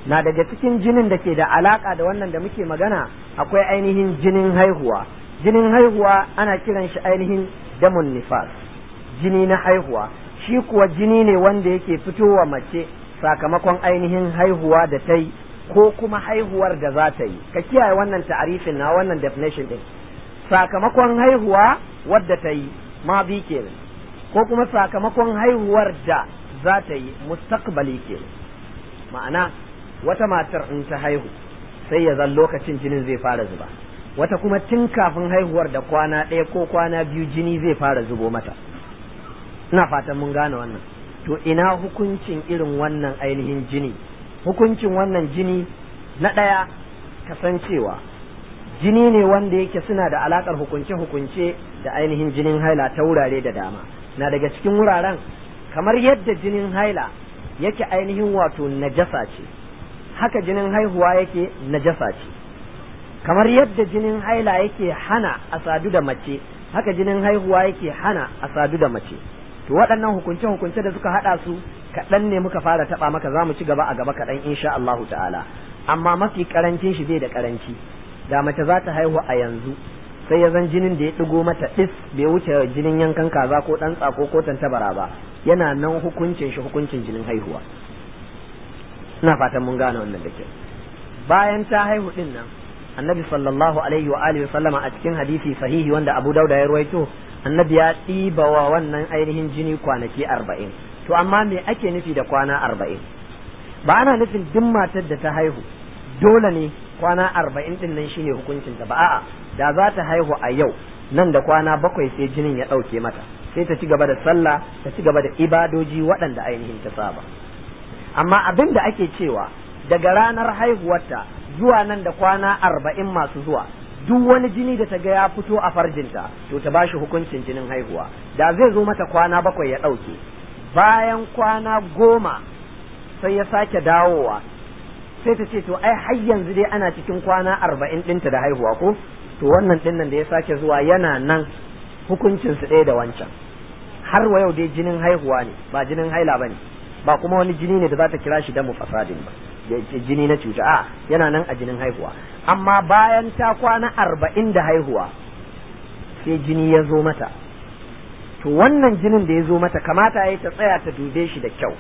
na daga cikin jinin da ke da alaka da wannan da muke magana akwai ainihin jinin haihuwa jinin haihuwa ana kiran shi ainihin damun nifas jini na haihuwa shi kuwa jini ne wanda yake fitowa mace sakamakon ainihin haihuwa da ta yi ko kuma haihuwar da za ta yi ka kiyaye wannan ta'arifin na wannan definition din sakamakon haihuwa wadda ta yi ma bi ke ko kuma sakamakon haihuwar da za ta yi mustaqbali ke ma'ana wata matar in ta haihu sai ya zan lokacin jinin zai fara zuba wata kuma tun kafin haihuwar da kwana ɗaya ko kwana biyu jini zai fara zubo mata ina fatan mun gane wannan to ina hukuncin irin wannan ainihin jini hukuncin wannan jini na ɗaya kasancewa jini ne wanda yake suna da alakar hukunce-hukunce da ainihin jinin haila ta wurare da dama na daga cikin wuraren kamar yadda jinin haila yake ainihin wato najasa ce haka jinin haihuwa yake najasa ce kamar yadda jinin haila yake hana a sadu da mace haka jinin haihuwa yake hana a sadu da mace to waɗannan hukunce hukunce da suka haɗa su kaɗan ne muka fara taɓa maka za mu ci gaba a gaba kaɗan insha Allahu ta'ala amma mafi karancin shi zai da karanci da mace za ta haihu a yanzu sai ya zan jinin da ya ɗigo mata ɗis bai wuce jinin yankan kaza ko ɗan tsako ko tantabara ba yana nan hukuncin shi hukuncin jinin haihuwa ina fatan mun gane wannan da ke bayan ta haihu din nan annabi sallallahu alaihi wa alihi sallama a cikin hadisi sahihi wanda abu dauda ya ruwaito annabi ya ɗiba wa wannan ainihin jini kwanaki arba'in to amma me ake nufi da kwana arba'in ba ana nufin duk matar da ta haihu dole ne kwana arba'in din nan shine ta ba a'a da za ta haihu a yau nan da kwana bakwai sai jinin ya ɗauke mata sai ta ci gaba da sallah ta ci gaba da ibadoji waɗanda ainihin ta saba amma abin da ake cewa daga ranar haihuwarta zuwa nan da kwana arba'in masu zuwa duk wani jini da ta ga ya fito a farjinta to ta bashi hukuncin jinin haihuwa da zai zo mata kwana bakwai ya ɗauke bayan kwana goma sai ya sake dawowa sai ta ce to ai har yanzu dai ana cikin kwana arba'in ɗinta da haihuwa ko to wannan ɗinnan da ya sake zuwa yana nan hukuncinsu ɗaya da wancan har wa yau dai jinin haihuwa ne ba jinin haila ba ne ba kuma wani jini ne da za ta kira shi damu fasadin ba jini na cuta a yana nan a jinin haihuwa amma bayan ta kwana arba'in da haihuwa sai jini ya zo mata to wannan jinin da ya zo mata kamata ya ta tsaya ta dube shi da kyau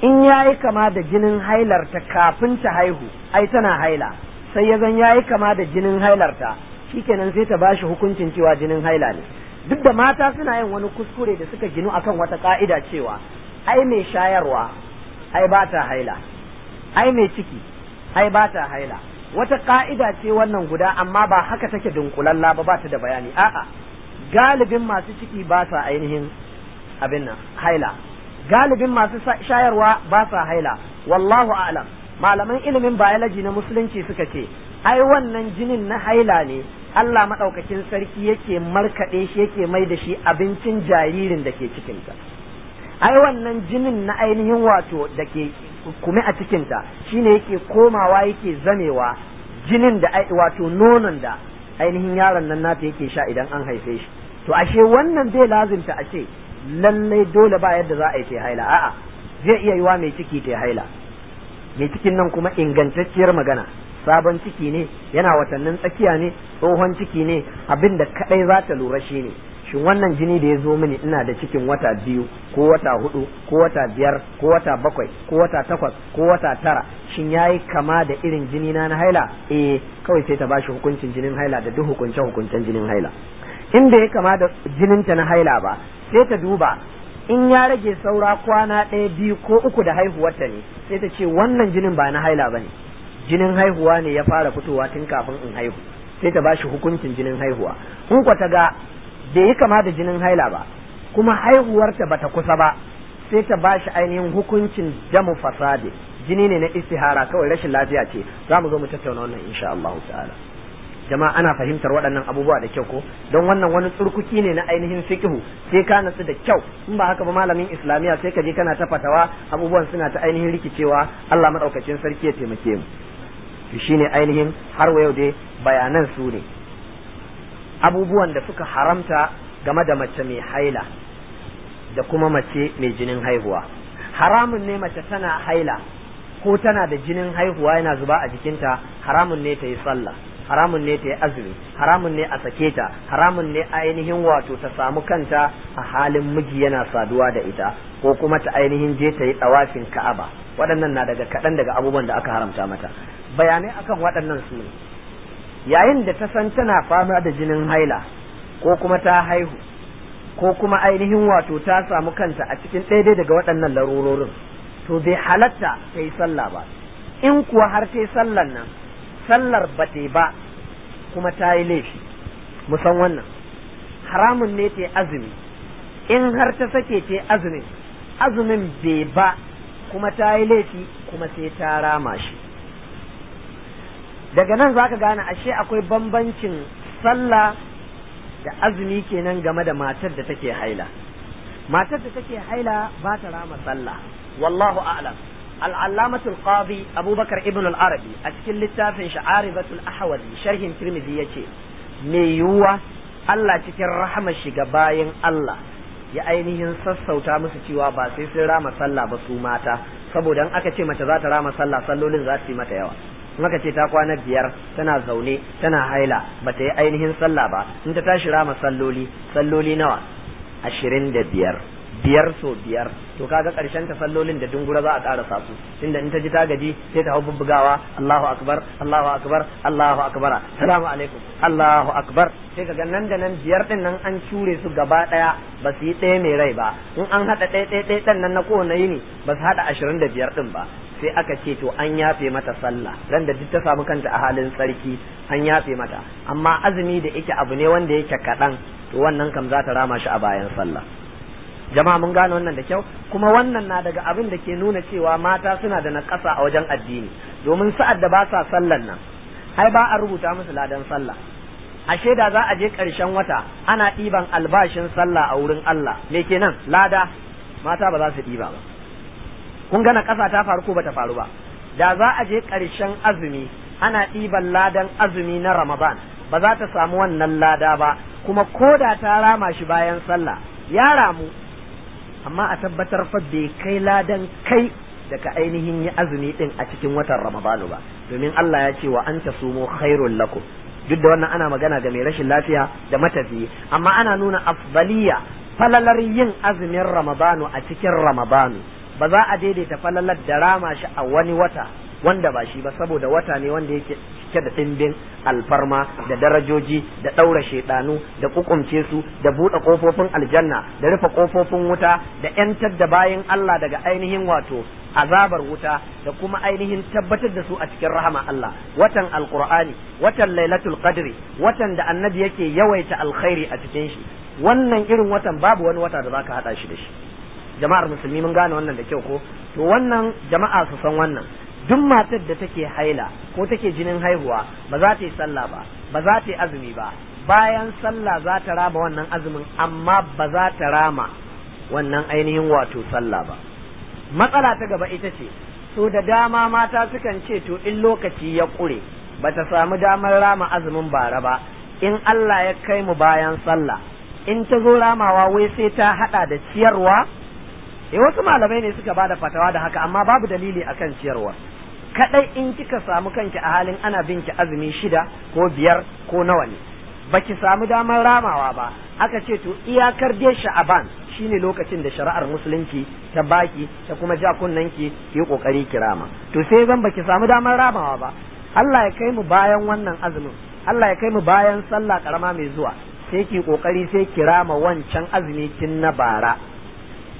in ya yi kama da jinin hailarta kafin ta haihu ai tana haila sai ya zan ya yi kama da jinin hailarta shikenan sai ta ba shi hukuncin cewa jinin haila ne duk da mata suna yin wani kuskure da suka ginu akan wata ka'ida cewa ai mai shayarwa ai ba ta haila ai mai ciki ai ba ta haila wata ka'ida ce wannan guda amma ba haka take dunkulalla ba ba ta da bayani a'a galibin masu ciki ba sa ainihin abin nan haila galibin masu shayarwa ba sa haila wallahu a'lam malaman ilimin biology na musulunci suka ce ai wannan jinin na haila ne Allah madaukakin sarki yake markaɗe shi yake mai da shi abincin jaririn da ke cikinta. ai wannan jinin na ainihin wato da ke kume a cikinta shi shine yake komawa yake zamewa jinin da wato nonon da ainihin yaron nan nata yake sha idan an haife shi to ashe wannan bai lazimta a ce lallai dole ba yadda za a yi ta haila a'a zai iya yiwa mai ciki ta haila mai cikin nan kuma ingantacciyar magana sabon ciki ne yana watannin tsakiya ne tsohon ciki ne abin da kadai za ta lura shi ne shin wannan jini da ya zo mini ina da cikin wata biyu ko wata hudu ko wata biyar ko wata bakwai ko wata takwas ko wata tara shin yayi kama da irin jini na haila eh kawai sai ta bashi hukuncin jinin haila da duk hukunce hukuncen jinin haila in da ya kama da jinin ta na haila ba sai ta duba in ya rage saura kwana ɗaya biyu ko uku da haihuwarta ne sai ta ce wannan jinin ba na haila ba ne jinin haihuwa ne ya fara fitowa tun kafin in haihu sai ta bashi hukuncin jinin haihuwa in kwata ga bai yi kama da jinin haila ba kuma haihuwarta ta kusa ba sai ta ba shi ainihin hukuncin damu fasadi jini ne na istihara kawai rashin lafiya ce za mu zo mu tattauna wannan insha Allah ta'ala jama'a ana fahimtar waɗannan abubuwa da kyau ko don wannan wani tsurkuki ne na ainihin fiqhu sai ka natsu da kyau in ba haka ba malamin islamiya sai ka je kana ta fatawa abubuwan suna ta ainihin rikicewa Allah madaukakin sarki ya taimake mu ne ainihin har wa yau dai bayanan su ne abubuwan da suka haramta game da mace mai haila da kuma mace mai jinin haihuwa haramun ne mace tana haila ko tana da jinin haihuwa yana zuba a jikinta haramun ne ta yi sallah haramun ne ta yi azumi haramun ne a sake ta haramun ne ainihin wato ta samu kanta a halin miji yana saduwa da ita ko kuma ta ainihin je ta yi tsawafin ka'aba waɗannan na daga kaɗan daga abubuwan da aka haramta mata bayanai akan waɗannan su ne yayin da ta san tana fama da jinin haila ko kuma ta haihu ko kuma ainihin wato ta samu kanta a cikin ɗaya daga waɗannan larurorin to bai halatta ta yi sallah ba in kuwa har ta yi sallar nan sallar ba ta ba kuma ta yi laifi musan wannan haramun ne ta azumi in har ta sake ta azumin azumin bai ba kuma ta yi laifi kuma sai ta rama shi daga nan za ka gane ashe akwai bambancin sallah da azumi kenan game da matar da take haila matar da take haila ba ta rama sallah wallahu a'lam al-allamatul qadi abubakar ibn al-arabi a cikin littafin sha'aribatul ahwazi sharhin tirmidhi yace me yuwa Allah cikin rahama shiga bayan Allah ya ainihin sassauta musu cewa ba sai sun rama sallah ba su mata saboda in aka ce mace za ta rama sallah sallolin za su yi mata yawa maka ce ta kwana biyar tana zaune tana haila ba ta yi ainihin sallah ba in ta tashi rama salloli salloli nawa ashirin da biyar biyar so biyar to kaga karshen ta sallolin da dungura za a karasa su tunda in ta ji ta gaji sai ta hau bubbugawa Allahu akbar Allahu akbar Allahu akbar assalamu alaikum Allahu akbar sai kaga nan da nan biyar din nan an cure su gaba daya ba su yi ɗaya mai rai ba in an hada ɗaya ɗaya ɗaya nan na kowane yini ba su hada ashirin da biyar din ba sai aka ce to an yafe mata sallah ran da duk ta samu kanta a halin tsarki an yafe mata amma azumi da yake abu ne wanda yake kaɗan to wannan kam za ta rama shi a bayan sallah jama'a mun gane wannan da kyau kuma wannan na daga abin da ke nuna cewa mata suna da naƙasa a wajen addini domin sa'ad da ba sa sallan nan ai ba a rubuta musu ladan sallah a da za a je ƙarshen wata ana ɗiban albashin sallah a wurin Allah me kenan lada mata ba za su ɗiba ba kun gana ƙasa ta faru ko bata faru ba da za a je ƙarshen azumi ana ɗiban ladan azumi na ramadan ba za ta samu wannan lada ba kuma ko da ta rama shi bayan sallah ya ramu amma a tabbatar fa bai kai ladan kai daga ainihin yi azumi din a cikin watan ramadan ba domin Allah ya ce wa an ta sumo khairul lakum duk da wannan ana magana ga mai rashin lafiya da matafiyi amma ana nuna afbaliya falalar yin azumin ramadanu a cikin ramadanu ba za a daidaita falalar da rama shi a wani wata wanda ba shi ba saboda wata ne wanda yake cike da ɗimbin alfarma da darajoji da ɗaura shaiɗanu da kukumce su da buɗe ƙofofin aljanna da rufe ƙofofin wuta da ‘yantar da bayan Allah daga ainihin wato azabar wuta da kuma ainihin tabbatar da su a cikin rahama Allah watan alƙur'ani watan lailatul qadri watan da annabi yake yawaita alkhairi a cikin shi wannan irin watan babu wani wata da zaka hada shi da shi jama'ar musulmi mun gane wannan da kyau ko to wannan jama'a su san wannan duk matar da take haila ko take jinin haihuwa ba za ta yi sallah ba ba za ta yi azumi ba bayan sallah za ta rama wannan azumin amma ba za ta rama wannan ainihin wato sallah ba matsala ta gaba ita ce so da dama mata sukan ce to in lokaci ya ƙure ba ta samu damar rama azumin bara ba in Allah ya kai mu bayan sallah in ta zo ramawa wai sai ta hada da ciyarwa eh wasu malamai ne suka bada fatawa da haka amma babu dalili akan ciyarwa kadai in kika samu kanki a halin ana bin ki azumi shida ko biyar ko nawa ne baki samu damar ramawa ba aka ce to iyakar dai sha'aban shine lokacin da shari'ar musulunci ta baki ta kuma ja kunnanki ki kokari kirama to sai zan baki samu damar ramawa ba Allah ya kai mu bayan wannan azumin Allah ya kai mu bayan sallah karama mai zuwa sai ki kokari sai kirama wancan azumi kin na bara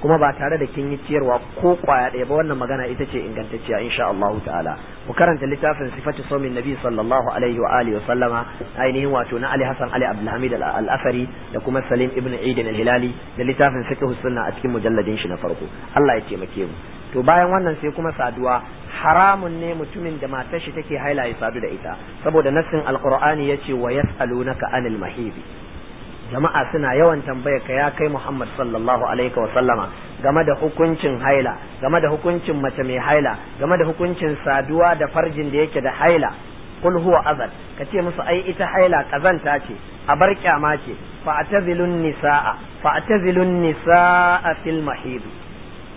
kuma ba tare da kin yi ciyarwa ko kwaya ɗaya ba wannan magana ita ce ingantacciya insha Allah ta'ala ku karanta littafin sifatu saumin nabi sallallahu alaihi wa alihi wa sallama ainihin wato na Ali Hassan Ali Abdulhamid al-Afari da kuma Salim ibn Eid al-Hilali da littafin fiqh sunna a cikin mujalladin shi na farko Allah ya taimake mu to bayan wannan sai kuma saduwa haramun ne mutumin da matar shi take haila ya sadu da ita saboda nassin ya yace wa yasalunaka anil mahibi jama'a suna yawan tambayar ka ya kai Muhammad sallallahu alaihi wa sallama game da hukuncin haila game da hukuncin mace mai haila game da hukuncin saduwa da farjin da yake da haila kul huwa azal kace musu ai ita haila kazanta ce a bar kyama ce fa atazilun nisaa fa atazilun nisaa fil mahid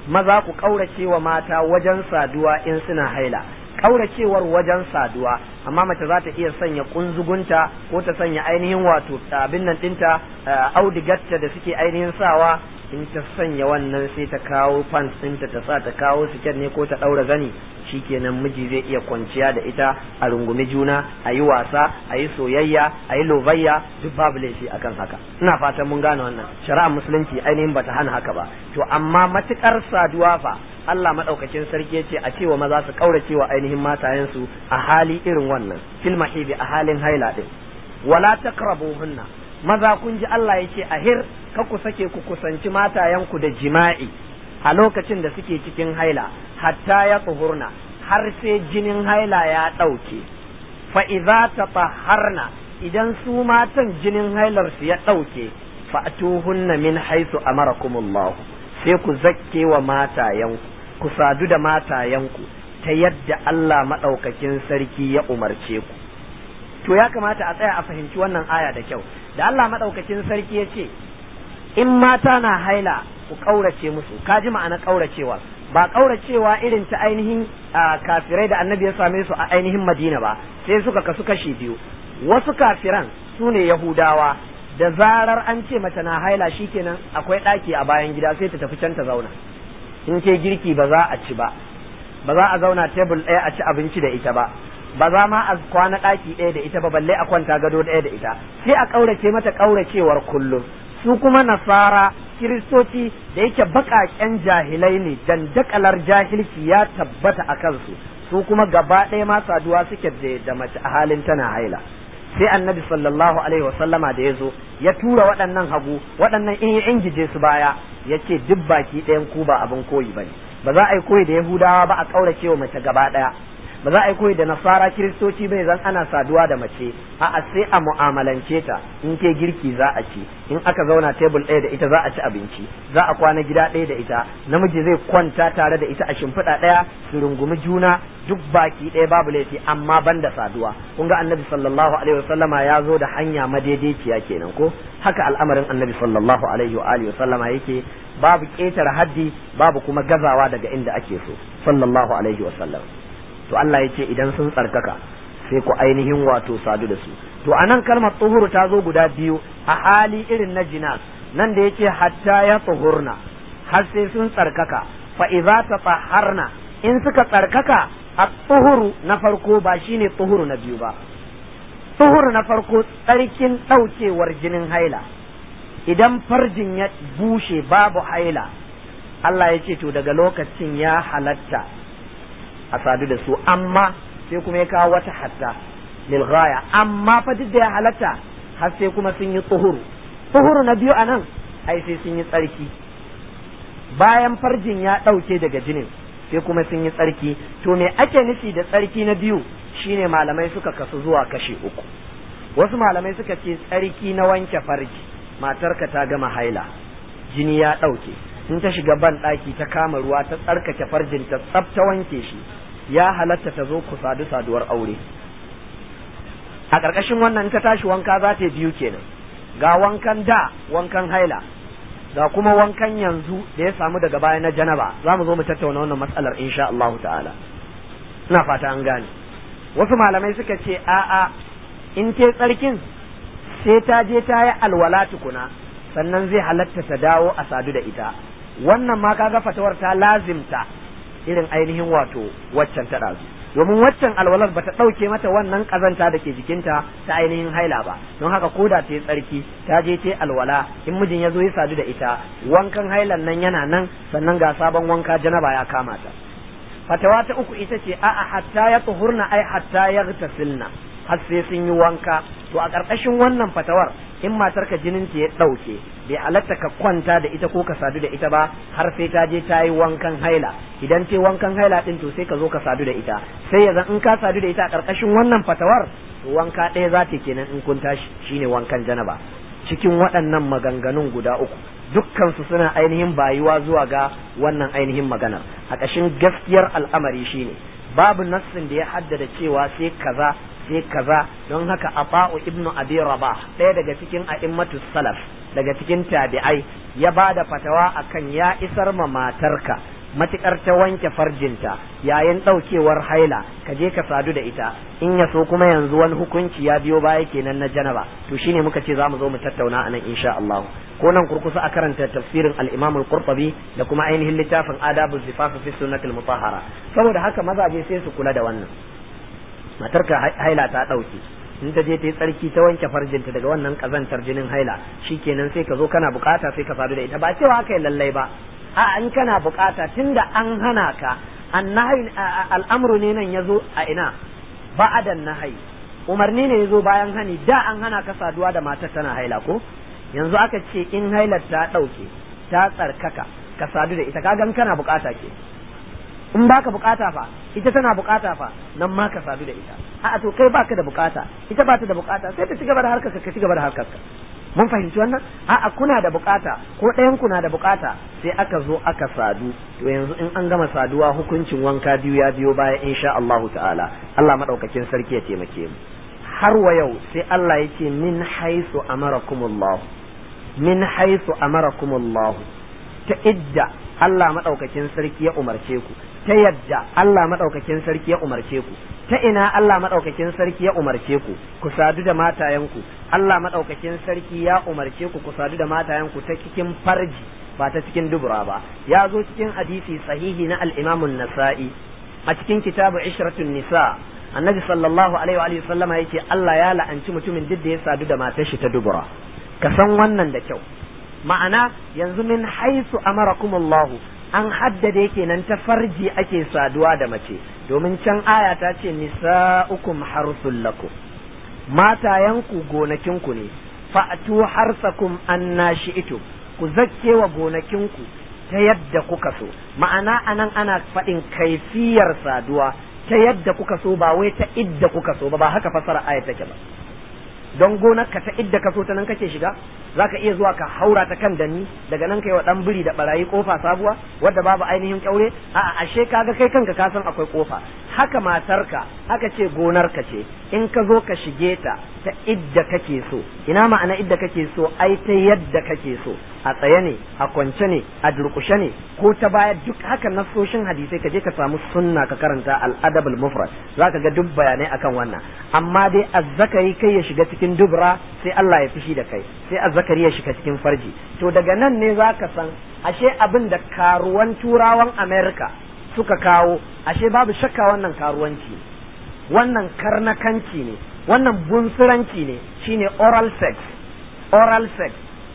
maza ku kaurace wa mata wajen saduwa in suna haila kauracewar wajen saduwa amma mace za ta iya sanya kunzugunta ko ta sanya ainihin wato abin nan dinta eh, audigatta da suke ainihin sawa in ta sanya wannan sai ta kawo pants ɗinta ta sa ta kawo siket ne ko ta ɗaura gani kenan miji zai iya kwanciya da ita a rungumi juna a yi wasa a yi soyayya a yi lobayya duk babu laifi akan haka ina fatan mun gane wannan shari'a musulunci ainihin bata hana haka ba to amma matukar saduwa fa Allah maɗaukacin sarki ce a cewa maza su kaurace wa ainihin matayensu a hali irin wannan filma bi a halin haila din wala takrabuhunna maza kun ji Allah ya ce ahir ka ku sake ku kusanci matayanku da jima'i a lokacin da suke cikin haila hatta ya tsuhurna har sai jinin haila ya ɗauke fa'iza ta taharna idan su matan jinin hailarsu ya ɗauke fa'atuhunna min haisu kumullahu sai ku zakke wa matayenku ku sadu da matayanku ta yadda Allah maɗaukakin sarki ya umarce ku to ya kamata a tsaya a fahimci wannan aya da kyau da Allah madaukakin sarki ya ce in mata na haila ku kaurace musu ka ji ma'ana kauracewa ba kauracewa irin ta ainihin kafirai da annabi ya same su a ainihin madina ba sai suka kasu kashi biyu wasu kafiran su ne yahudawa da zarar an ce mace na haila shikenan akwai ɗaki a bayan gida sai ta tafi can ta zauna in ce girki ba za a ci ba ba za a zauna tebul ɗaya a ci abinci da ita ba ba za ma a kwana ɗaki ɗaya da ita ba balle a kwanta gado ɗaya da ita sai a ƙaurace mata ƙauracewar kullum su kuma nasara kiristoci da yake baƙaƙen jahilai ne dandakalar jahilci ya tabbata a kansu su kuma gaba ɗaya ma saduwa suke da mace a halin tana haila sai annabi sallallahu alaihi wasallama da ya zo ya tura waɗannan hagu waɗannan in ya ingije su baya ya ce duk baki ɗayan ku ba abin koyi ba ne ba za a yi koyi da yahudawa ba a ƙaurace mace gaba ɗaya ba za a yi koyi da nasara kiristoci bai zan ana saduwa da mace a'a sai a mu'amalance ta in ke girki za a ci in aka zauna tebul ɗaya da ita za a ci abinci za a kwana gida ɗaya da ita namiji zai kwanta tare da ita a shimfiɗa ɗaya su rungumi juna duk baki ɗaya babu laifi amma ban da saduwa kun ga annabi sallallahu alaihi wasallama ya zo da hanya madaidaiciya kenan ko haka al'amarin annabi sallallahu alaihi wa alihi wasallama yake babu ƙetare haddi babu kuma gazawa daga inda ake so sallallahu alaihi wasallam to Allah ya ce idan sun tsarkaka sai ku ainihin wato sadu da su to anan kalmar tsuhuru ta zo guda biyu a hali irin na jinas nan da yake hatta ya tsuhurna har sai sun tsarkaka fa idza tatahharna in suka tsarkaka a tuhuru na farko ba shine tsuhuru na biyu ba tsuhuru na farko tsarkin daukewar jinin haila idan farjin ya bushe babu haila Allah ya ce to daga lokacin ya halatta a sadu da su amma sai kuma ya kawo wata hatta lil amma fa duk da ya halatta har sai kuma sun yi tsuhuru tsuhuru na biyu anan ai sai sun yi tsarki bayan farjin ya ɗauke daga jinin sai kuma sun yi tsarki to me ake nufi da tsarki na biyu shine malamai suka kasu zuwa kashe uku wasu malamai suka ce tsarki na wanke farji matarka ta gama haila jini ya ɗauke in ta shiga ban ɗaki ta kama ruwa ta tsarkake farjin ta tsafta wanke shi ya halatta ta zo ku sadu saduwar aure a ƙarƙashin wannan ta tashi wanka za ta biyu kenan ga wankan da wankan haila ga kuma wankan yanzu da ya samu daga baya na janaba za mu zo mu tattauna wannan matsalar insha Allah ta'ala ina fata an gane wasu malamai suka ce a'a in ke tsarkin sai ta je ta yi alwala tukuna sannan zai halatta ta dawo a sadu da ita wannan ma kaga fatawar ta lazimta irin ainihin wato waccan ta ɗazu domin waccan alwalar ta ɗauke mata wannan ƙazanta da ke jikinta ta ainihin haila ba don haka ko da ta yi tsarki ta je ta alwala in mijin ya zo ya sadu da ita wankan hailan nan yana nan sannan ga sabon wanka janaba ya kama ta fatawa ta uku ita ce a'a hatta ya tuhurna ai hatta ya tasilna har sai sun yi wanka to a ƙarƙashin wannan fatawar in matarka jinin ta ya ɗauke bai alatta ka kwanta da ita ko ka sadu da ita ba har sai ta je ta yi wankan haila idan ce wankan haila ɗin to sai ka zo ka sadu da ita sai yanzu in ka sadu da ita a ƙarƙashin wannan fatawar to wanka ɗaya za ta kenan in kun tashi shine wankan janaba cikin waɗannan maganganun guda uku dukkansu suna ainihin bayuwa zuwa ga wannan ainihin maganar a ƙashin gaskiyar al'amari shine babu nassin da ya haddada cewa sai kaza sai kaza don haka afa'u ibnu abi rabah ɗaya daga cikin a'immatu salaf daga cikin tabi'ai ya ba da fatawa akan ya isar ma matarka matukar ta wanke farjinta yayin ɗaukewar haila ka je ka sadu da ita in ya so kuma yanzu wani hukunci ya biyo baya kenan na janaba to shine muka ce za mu zo mu tattauna anan nan insha Allah ko nan kurkusa a karanta tafsirin al-Imam al-Qurtubi da kuma ainihin littafin Adabu Zifaf fi Sunnat mutahhara saboda haka mazaje sai su kula da wannan matar ka haila ta ɗauke in ta je ta yi tsarki ta wanke farjinta daga wannan kazantar jinin haila shi kenan sai ka zo kana bukata sai ka sadu da ita ba cewa haka lallai ba a in kana bukata tunda an hana ka annahi al'amru ne nan ya zo a ina ba'adan nahi umarni ne yazo bayan hani da an hana ka saduwa da matar tana haila ko yanzu aka ce in hailar ta ɗauke ta tsarkaka ka sadu da ita kagan kana bukata ke in baka bukata fa ita tana bukata fa nan ma ka sadu da ita a'a to kai baka da bukata ita ba ta da bukata sai ta cigaba da harkar ka cigaba da harkar mun fahimci wannan a'a kuna da bukata ko ɗayan kuna da bukata sai aka zo aka sadu to yanzu in an gama saduwa hukuncin wanka biyu ya biyo baya sha Allahu ta'ala Allah madaukakin sarki ya taimake mu har wa yau sai Allah yake min haisu amarakumullah min haisu amarakumullahu ta idda Allah madaukakin sarki ya umarce ku ta yadda Allah madaukakin sarki ya umarce ku ta ina Allah madaukakin sarki ya umarce ku ku sadu da matayenku Allah madaukakin sarki ya umarce ku ku sadu da matayenku ta cikin farji ba ta cikin dubura ba ya zo cikin hadisi sahihi na al-Imam nasai a cikin kitabu ishratun nisa annabi sallallahu alaihi wa sallama yake Allah ya la'anci mutumin duk da ya sadu da matar shi ta dubura ka san wannan da kyau ma'ana yanzu min haisu amarakumullahu an haddade nan ta farji ake saduwa da mace domin can aya ta ce nisa nisa'ukum harsul lakum matayanku gonakinku ne harsa kum harsakum nashi ito ku zakkewa gonakinku ta yadda kuka so ma'ana anan ana faɗin kaifiyar saduwa ta yadda kuka so ba wai ta idda kuka so ba ba haka fasara aya take ba don gonar ka ta idda ka so ta nan kake shiga zaka iya zuwa ka haura ta kan dani daga nan kai wa dan biri da barayi kofa sabuwa wadda babu ainihin kyaure a'a ashe kaga kai kanka ka san akwai kofa haka matarka haka ce gonar ka ce in ka zo ka shige ta ta idda kake so ina ma'ana idda kake so ai ta yadda kake so a tsaye ne a kwance ne a durkushe ne ko ta baya duk haka nasoshin hadisai ka je ka samu sunna ka karanta al-adab al-mufrad zaka ga duk bayanai akan wannan amma dai azzakari kai ya shiga ciki. cikin dubra sai Allah ya fishi da kai sai azzakari ya shiga cikin farji to daga nan ne za ka san ashe abin da karuwan turawan America suka kawo ashe babu shakka wannan karuwanci wannan karnakanci ne wannan bunsuranci ne shine oral sex oral sex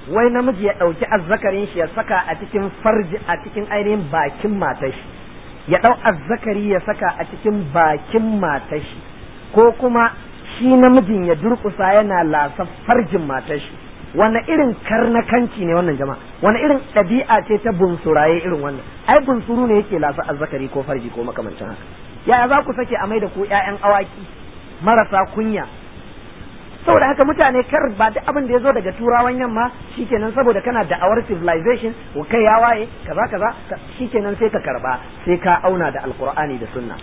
wai namiji ya ɗauki azzakarin shi ya saka a cikin farji a cikin ainihin bakin matashi ya ɗau azzakari ya saka a cikin bakin matashi ko kuma shi namijin ya durƙusa yana lasa farjin matar shi wani irin karnakanci ne wannan jama'a wani irin ɗabi'a ce ta bunsuraye irin wannan ai bunsuru ne yake lasa azzakari ko farji ko makamancin haka yaya za ku sake a mai da ku ƴaƴan awaki marasa kunya saboda haka mutane kar ba duk abin da ya zo daga turawan yamma shikenan saboda kana da'awar civilization kai ya waye kaza kaza kenan sai ka karba sai ka auna da alkur'ani da sunna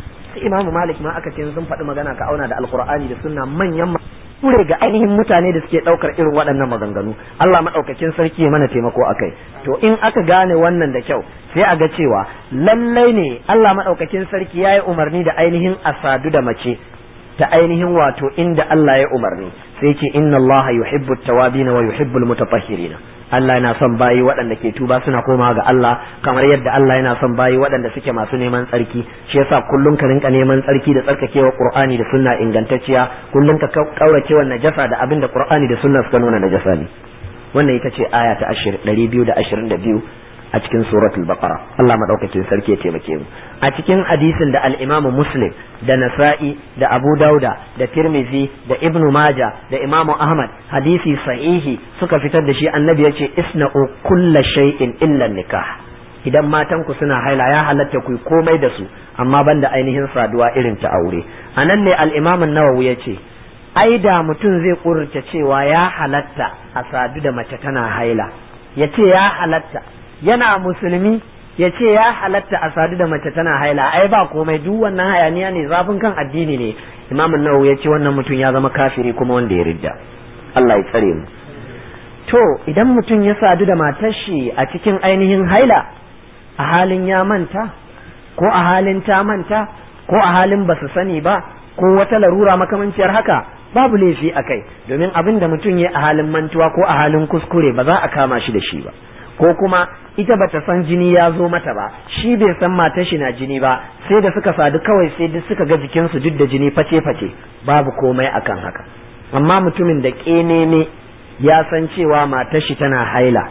imamu malik ma aka ce sun faɗi magana ka auna da alkur'ani da sunna manyan kure ga ainihin mutane da suke ɗaukar irin waɗannan maganganu Allah maɗaukakin sarki ya mana taimako a kai to in aka gane wannan da kyau sai a ga cewa lallai ne Allah maɗaukakin sarki ya yi umarni da ainihin asadu da mace Ta ainihin wato inda Allah ya umarni sai ce inna Allah yuhibbu na wa yuhibbu almutatahhirina Allah yana son bayi waɗanda ke tuba suna komawa ga Allah kamar yadda Allah yana son bayi waɗanda suke masu neman tsarki shi yasa kullun ka rinka neman tsarki da tsarkakewa Qur'ani da sunna ingantacciya kullun ka kaurakewa najasa da abin da Qur'ani da sunna suka nuna najasa ne wannan ita ce aya ta 222 a cikin suratul baqara Allah madaukakin sarki ya taimake mu a cikin hadisin da al-Imam Muslim da Nasa'i da Abu Dauda da Tirmidhi da Ibn Majah da Imam Ahmad hadisi sahihi suka fitar da shi annabi ya ce isna'u kulla shay'in illa nikah idan matan ku suna haila ya halatta ku komai da su amma banda ainihin saduwa irin ta aure anan ne al-Imam nawawi ya ce ai da mutum zai kurta cewa ya halatta a sadu da mace tana haila yace ya halatta yana musulmi ya ce ya halatta a sadu da mace tana haila ai ba komai duk wannan hayaniya ne zafin kan addini ne imamun nawa ya ce wannan mutum ya zama kafiri kuma wanda ya ridda Allah ya tsare mu to idan mutum ya sadu da matar shi a cikin ainihin haila a halin ya manta ko a halin ta manta ko a halin ba su sani ba ko wata larura makamanciyar haka babu laifi a kai domin abin da mutum ya yi a halin mantuwa ko a halin kuskure ba za a kama shi da shi ba ko kuma ita bata san jini ya zo mata ba shi bai san matar shi na jini ba sai da suka sadu kawai sai duk suka ga jikinsu duk da jini face face babu komai akan haka amma mutumin da ƙenene ya san cewa matar shi tana haila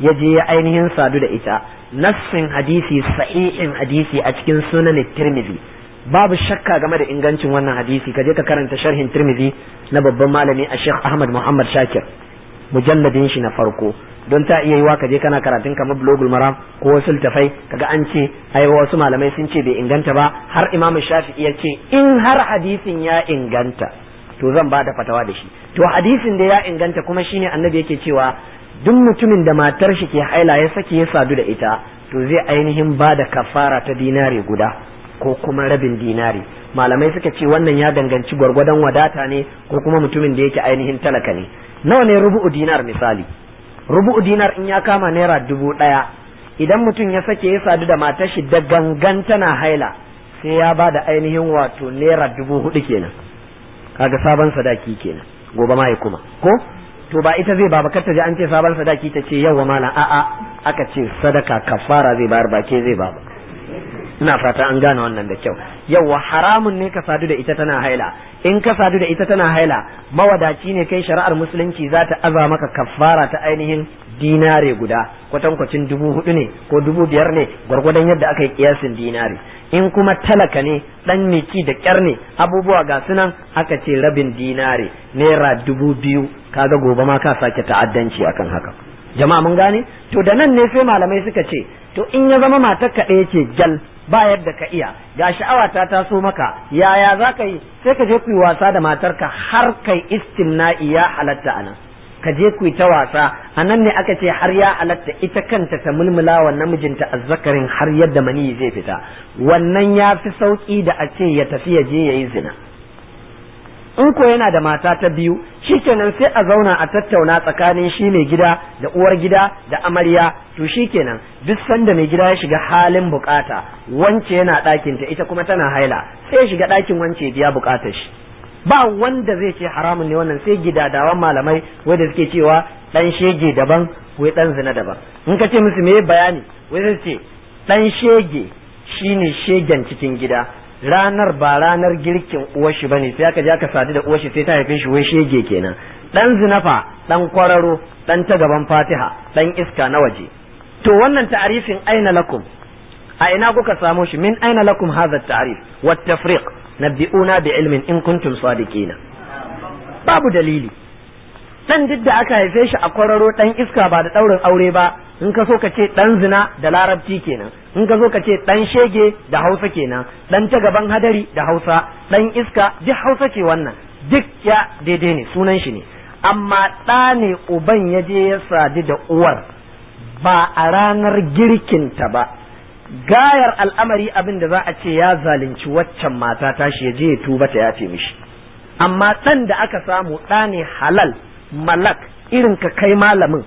ya je ya ainihin sadu da ita nassin hadisi sahihin hadisi a cikin sunan tirmidhi babu shakka game da ingancin wannan hadisi ka je ka karanta sharhin tirmidhi na babban malami a Sheikh Ahmad Muhammad Shakir mujalladin shi na farko don ta iya yiwa ka je kana karatun kamar blogul maram ko wasu littafai kaga an ce ai wasu malamai sun ce bai inganta ba har imamu shafi'i ya ce in har hadisin ya inganta to zan ba da fatawa da shi to hadisin da ya inganta kuma shine annabi yake cewa duk mutumin da matar shi ke haila ya sake ya sadu da ita to zai ainihin ba da kafara ta dinari guda ko kuma rabin dinari malamai suka ce wannan ya danganci gwargwadon wadata ne ko kuma mutumin da yake ainihin talaka ne nawa ne rubu'u dinar misali rubu dinar in ya kama naira dubu ɗaya idan mutum ya sake ya sadu da matar shi da gangan tana haila sai ya ba da ainihin wato naira dubu hudu kenan kaga sabon sadaki kenan gobe ma kuma ko to ba ita zai ba kar ta je an ce sabon sadaki ta ce yawa mala a'a aka ce sadaka kafara zai bayar ba ke zai ba ba ina fata an gane wannan da kyau yawa haramun ne ka sadu da ita tana haila in ka sadu da ita tana haila mawadaci ne kai shari'ar musulunci za ta aza maka kafara ta ainihin dinare guda kwatankwacin dubu hudu ne ko dubu biyar ne gwargwadon yadda aka yi kiyasin dinare in kuma talaka ne dan miki da kyar ne abubuwa ga sunan aka ce rabin dinare naira dubu biyu ga gobe ma ka sake ta'addanci akan haka jama'a mun gane to da nan ne sai malamai suka ce to in ya zama matar kaɗai ce jal ba yadda ka iya ga sha'awa ta taso maka yaya za ka yi sai ka je ku yi wasa da matarka har kai istimna'i ya halatta anan ka je ku yi ta wasa anan ne aka ce har ya halatta ita kanta ta mulmula wa namijinta azzakarin har yadda mani zai fita wannan ya fi sauki da a ce ya tafi ya je ya yi zina in ko yana da mata ta biyu shikenan sai a zauna a tattauna tsakanin shi mai gida da uwar gida da amarya to shikenan duk sanda mai gida ya shiga halin bukata wance yana ɗakin ta ita kuma tana haila sai ya shiga ɗakin wance biya bukatar shi ba wanda zai ce haramun ne wannan sai gida gidadawan malamai wanda suke cewa dan shege daban wai dan zina daban in ka ce musu me bayani wai zai ce dan shege shine shegen cikin gida ranar ba ranar girkin uwashi bane sai aka je aka sadu da uwashi sai ta haifin shi wai shege kenan dan zinafa dan kwararo dan ta gaban fatiha dan iska na waje to wannan ta'arifin aina lakum a ina kuka samo shi min aina lakum hadha ta'rif wat tafriq nabbi'una bi ilmin in kuntum sadiqin babu dalili dan duk da aka haife shi a kwararo dan iska ba da daurin aure ba in ka so ka ce dan zina da larabci kenan in ka zo ka ce dan shege da hausa kenan dan ta gaban hadari da hausa ɗan iska duk hausa ce wannan duk ya daidai ne sunan shi ne amma ɗa ne uban ya je ya sadu da uwar ba a ranar girkin ta ba gayar al'amari abin da za a ce ya zalunci waccan mata ta shi ya je ya tuba ta ce mishi amma ɗan da aka samu ɗa ne halal malak irin ka kai malamin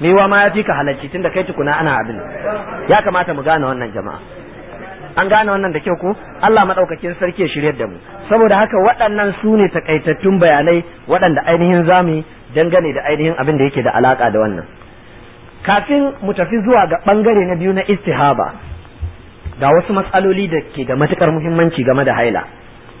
mewa ma ya fi ka halarci tunda kai tukuna ana abin ya kamata mu gane wannan jama'a an gane wannan da kyau ko Allah madaukakin sarki ya shiryar da mu saboda haka waɗannan su ne takaitattun bayanai waɗanda ainihin zamu dangane da ainihin abin da yake da alaka da wannan kafin mu tafi zuwa ga bangare na biyu na istihaba ga wasu matsaloli da ke da matukar muhimmanci game da haila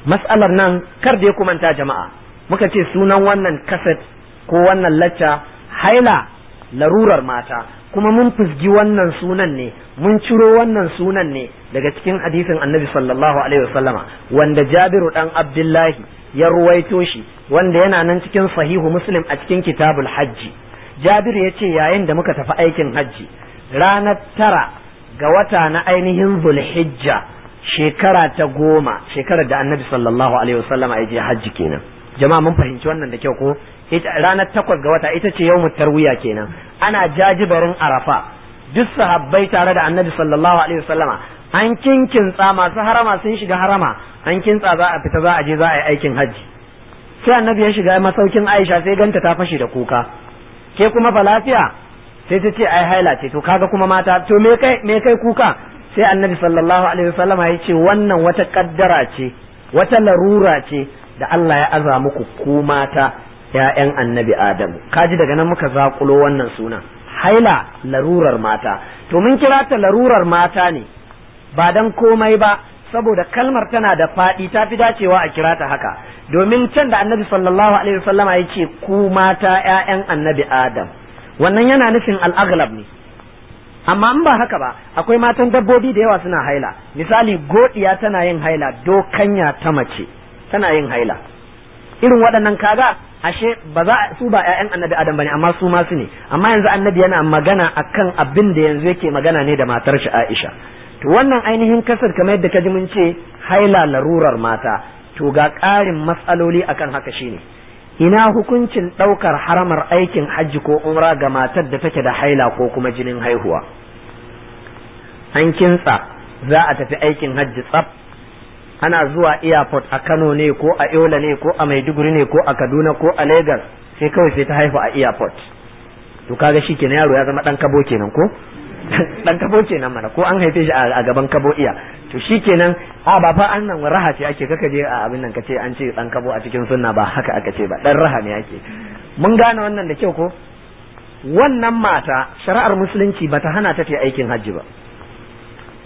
matsalar nan kar da ya kumanta jama'a muka ce sunan wannan kaset ko wannan lacca haila larurar mata kuma mun fusgi wannan sunan ne mun ciro wannan sunan ne daga cikin hadisin annabi sallallahu alaihi wasallama wanda jabiru dan abdullahi ya ruwaito shi wanda yana nan cikin sahihu muslim a cikin kitabul hajji jabiru ya ce yayin da muka tafi aikin hajji ranar tara ga wata na ainihin zulhijja shekara ta goma shekarar da annabi sallallahu alaihi wasallama ya je hajji kenan jama'a mun fahimci wannan da kyau ko ranar takwas ga wata ita ce yau wuya kenan ana jajibarin arafa duk sahabbai tare da annabi sallallahu alaihi wasallama an kinkintsa masu harama sun shiga harama an kintsa za a fita za a je za a yi aikin hajji sai annabi ya shiga masaukin aisha sai ganta ta fashe da kuka ke kuma ba lafiya sai ta ce ai haila ce to kaga kuma mata to me kai me kai kuka sai annabi sallallahu alaihi wasallama ya ce wannan wata kaddara ce wata larura ce da Allah ya aza muku ku mata 'ya'yan annabi adamu kaji daga nan muka zakulo wannan suna haila larurar mata to mun kira ta larurar mata ne ba dan komai ba saboda kalmar tana da faɗi ta fi dacewa a kira ta haka domin can da annabi sallallahu alaihi wasallama ya ce ku mata 'ya'yan annabi adam wannan yana nufin al'aglab ne amma in ba haka ba akwai matan dabbobi da yawa suna haila misali godiya tana yin haila dokanya ta mace tana yin haila irin waɗannan kaga ashe ba za su ba ƴaƴan annabi adam bane amma su ma su ne amma yanzu annabi yana magana akan abin da yanzu yake magana ne da matar shi Aisha to wannan ainihin kasar kamar yadda ji mun ce haila larurar mata to ga ƙarin matsaloli akan haka shine ina hukuncin ɗaukar haramar aikin hajji ko umra ga matar da take da haila ko kuma jinin haihuwa an kintsa za a tafi aikin hajji tsaf ana zuwa airport a Kano ne ko a Yola ne ko a Maiduguri ne ko a Kaduna ko a Lagos sai kawai sai ta haifa a airport to kaga shi kenan yaro ya zama dan kabo kenan ko dan kabo kenan mana ko an haife shi a gaban kabo iya to shi kenan a ba fa an nan raha ce ake kaka je a abin nan kace an ce dan kabo a cikin sunna ba haka aka ce ba dan raha ne ake mun gane wannan da kyau ko wannan mata shari'ar musulunci bata hana ta ta aikin hajji ba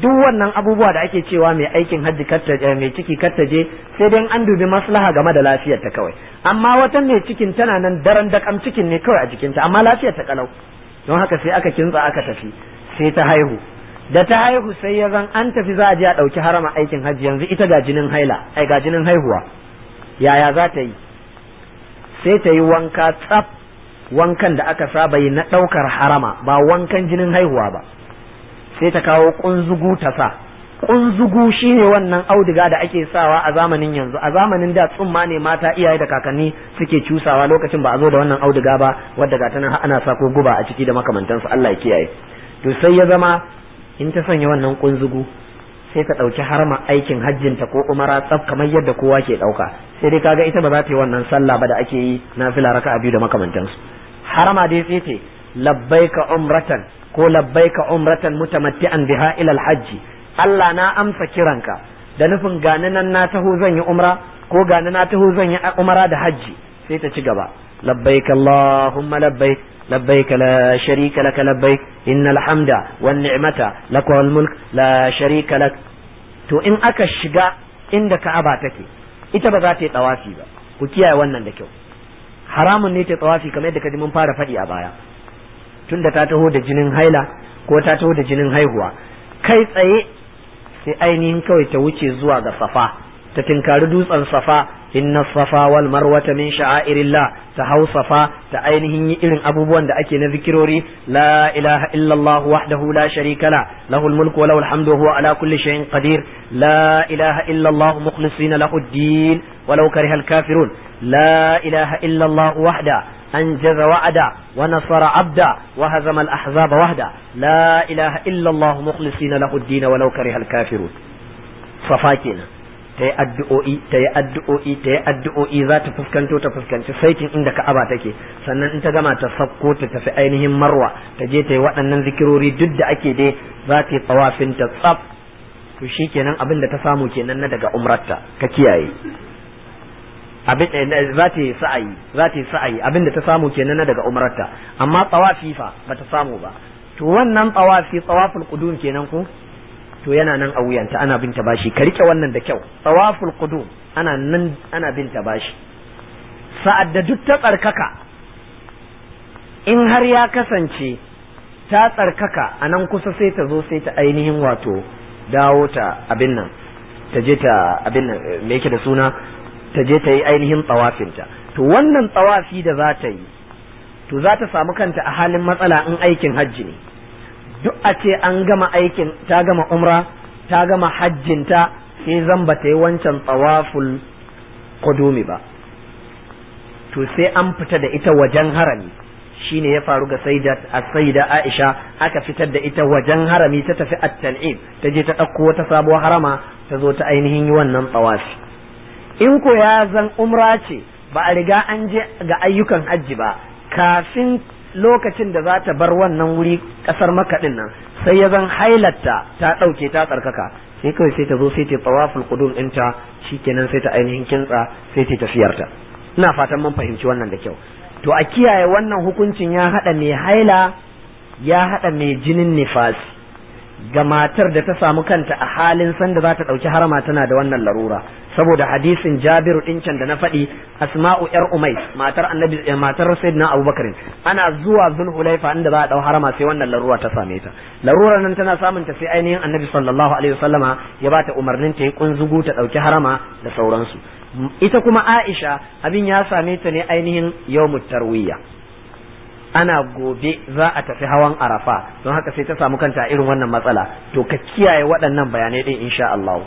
duk wannan abubuwa da ake cewa mai aikin hajji eh, mai ciki karta je sai dai an dubi maslaha game da lafiyarta kawai amma wata mai cikin tana nan daren dakam cikin ne kawai a jikinta amma lafiyar ta kalau don haka sai aka kintsa aka tafi sai ta haihu da ta haihu sai ya zan an tafi za a je a ɗauki harama aikin hajji yanzu ita ga jinin haila ai ga jinin haihuwa yaya za ta yi sai ta yi wanka tsaf wankan da aka saba yi na ɗaukar harama ba wankan jinin haihuwa ba sai ta kawo kunzugu ta sa kunzugu shine wannan auduga da ake sawa a zamanin yanzu a zamanin da tsumma ne mata iyaye da kakanni suke cusawa lokacin ba a zo da wannan auduga ba wadda ga tana ana sa ko guba a ciki da makamantansu Allah ya kiyaye to sai ya zama in ta sanya wannan kunzugu sai ta ɗauki harma aikin hajjin ta ko umara tsaf kamar yadda kowa ke ɗauka sai dai kaga ita ba za ta yi wannan sallah ba da ake yi na fila raka'a biyu da makamantansu harama dai sai ce labbaika umratan ko labbaika umratan mutamatti'an biha ila hajji. Allah na amsa kiranka da nufin gani nan na taho zan yi umra ko gani na taho zan yi umra da hajji sai ta ci gaba labbaik allahumma labbaik labbaik la sharika lak labbaik innal hamda wan ni'mata lak wal mulk la sharika lak to in aka shiga inda ka'aba take ita ba za ta yi tsawafi ba ku kiyaye wannan da kyau haramun ne ta tsawafi kamar yadda kaji mun fara faɗi a baya tunda ta taho da jinin haila ko ta taho da jinin haihuwa kai tsaye sai ainihin kawai ta wuce zuwa ga safa ta tinkari dutsen safa inna safa wal marwata min sha'airillah ta hau safa ta ainihin yi irin abubuwan da ake na zikirori la ilaha illallah wahdahu la sharika la lahul mulku wa lahul hamdu huwa ala kulli shay'in qadir la ilaha illallah mukhlisina lahu ad-din walau kariha al-kafirun la ilaha illallah wahda أنجز وعدا ونصر عبدا وهزم الأحزاب وحدا لا إله إلا الله مخلصين له الدين ولو كره الكافرون صفاكنا ta yi addu'o'i ta yi addu'o'i ta yi addu'o'i za ta fuskanto ta fuskanci saitin inda ka'aba take sannan in ta gama ta sakko ta tafi ainihin marwa ta je ta yi waɗannan zikirori duk da ake dai za ta yi tsaf to shi kenan abin da ta samu kenan na daga umratta ka kiyaye abin eh, za ta yi sa'ayi za ta yi sa'ayi abin da ta samu kenan na daga umrarta amma tsawafi fa ba ta samu ba to wannan tsawafi tsawaful qudum kenan ko to yana nan a wuyanta ana bin ta bashi ka rike wannan da kyau tsawaful qudum ana nan ana bin ta bashi sa'ad da duk ta tsarkaka in har ya kasance ta tsarkaka a nan kusa sai ta zo sai ta ainihin wato dawo ta abin nan ta je ta abin nan eh, me yake da suna ta je ta yi ainihin tsawafinta to wannan tsawafi da za ta yi to za ta samu kanta a halin matsala in aikin hajji ne duk a ce an gama aikin ta gama umra ta gama hajjinta sai zan ba ta yi wancan tsawaful kudumi ba to sai an fita da ita wajen harami shine ya faru ga saida aisha aka fitar da ita wajen harami ta tafi at-tal'ib ta je ta ɗauko wata sabuwar harama ta zo ta ainihin yi wannan tsawafi in ko ya zan umra ce ba a riga an je ga ayyukan hajji ba kafin lokacin da za ta bar wannan wuri kasar makaɗin nan sai ya zan hailatta ta ɗauke ta tsarkaka sai kawai sai ta zo sai ta tawaful qudum ɗinta shikenan sai ta ainihin kintsa sai ta tafiyarta ina fatan mun fahimci wannan da kyau to a kiyaye wannan hukuncin ya haɗa mai haila ya haɗa mai jinin nifasi ga matar da ta samu kanta a halin sanda za ta ɗauki harama tana da wannan larura saboda hadisin jabiru ɗincan da na faɗi asma'u yar umai matar annabi eh, matar sayyidina abubakar ana zuwa hulaifa inda za a ɗau harama sai wannan larura ta same ta larura nan tana samun ta sai ainihin annabi sallallahu alaihi wasallama ya ba ta umarnin ta yi kunzugu ta ɗauki harama da sauransu ita kuma aisha abin ya same ta ne ainihin yawmut tarwiyya ana gobe za a tafi hawan arafa don haka sai ta samu kanta irin wannan matsala to ka kiyaye waɗannan bayanai ɗin insha Allah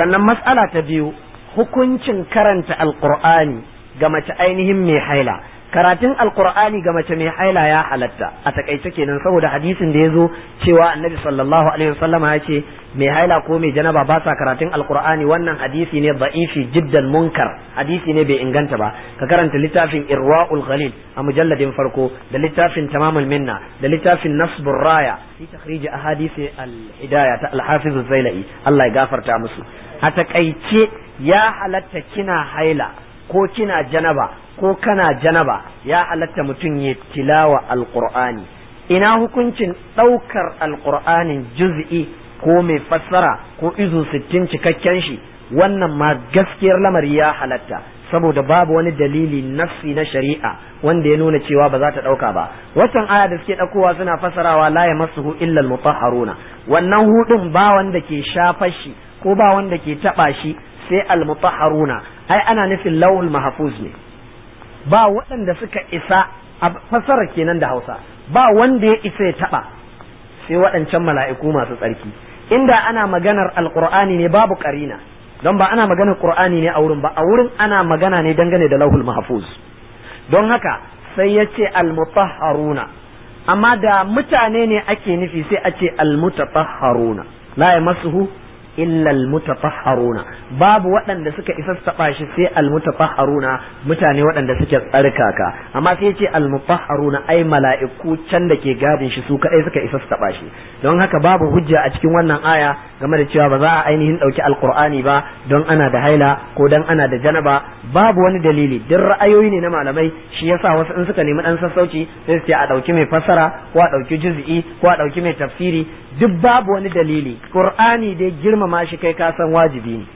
sannan matsala ta biyu hukuncin karanta alqur'ani ga mace ainihin mai haila karatun alqur'ani ga mace mai haila ya halatta a takaice kenan saboda hadisin da yazo cewa annabi sallallahu alaihi wasallama ya ce mai haila ko mai janaba ba sa karatun alqur'ani wannan hadisi ne da'ifi jiddan munkar hadisi ne bai inganta ba ka karanta littafin irwaul ghalil a mujalladin farko da littafin tamamul minna da littafin nasbur raya fi takhrij ahadisi al ta al-hafiz zailai Allah ya gafarta musu a takaice ya halatta kina haila ko kina janaba ko kana janaba ya alatta mutum ya tilawa alqur'ani ina hukuncin ɗaukar alqur'anin juz'i ko mai fassara ko izu sittin cikakken shi wannan ma gaskiyar lamari ya halatta saboda babu wani dalili nafsi na shari'a wanda ya nuna cewa ba za ta ɗauka ba watan aya da suke ɗaukowa suna fassarawa la ya masuhu illa almutahharuna wannan hudun ba wanda ke shafashi shi ko ba wanda ke taɓa shi sai almutahharuna ai ana nufin lawul mahfuz ne ba waɗanda suka isa a fasara kenan da hausa ba wanda ya isa ya taɓa sai waɗancan mala'iku masu tsarki inda ana maganar alƙur'ani ne babu ƙarina don ba ana maganar ƙur'ani ne a wurin ba a wurin ana magana ne dangane da lahul mahfuz don haka sai yace ce almutahharuna amma da mutane ne ake nufi sai a ce almutahharuna la yamassuhu illa almutatahharuna babu waɗanda suka isa taba shi sai almutatahharuna mutane waɗanda suke tsarkaka amma sai ce almutatahharuna ai mala'iku can da ke gadin shi su kadai suka isa taba shi don haka babu hujja a cikin wannan aya game da cewa ba za a ainihin dauki alqur'ani ba don ana da haila ko don ana da janaba babu wani dalili duk ra'ayoyi ne na malamai shi yasa wasu in suka nemi dan sassauci sai su ce a dauki mai fassara ko a dauki juz'i ko a dauki mai tafsiri duk babu wani dalili qur'ani dai girma girmama shi kai ka san wajibi ne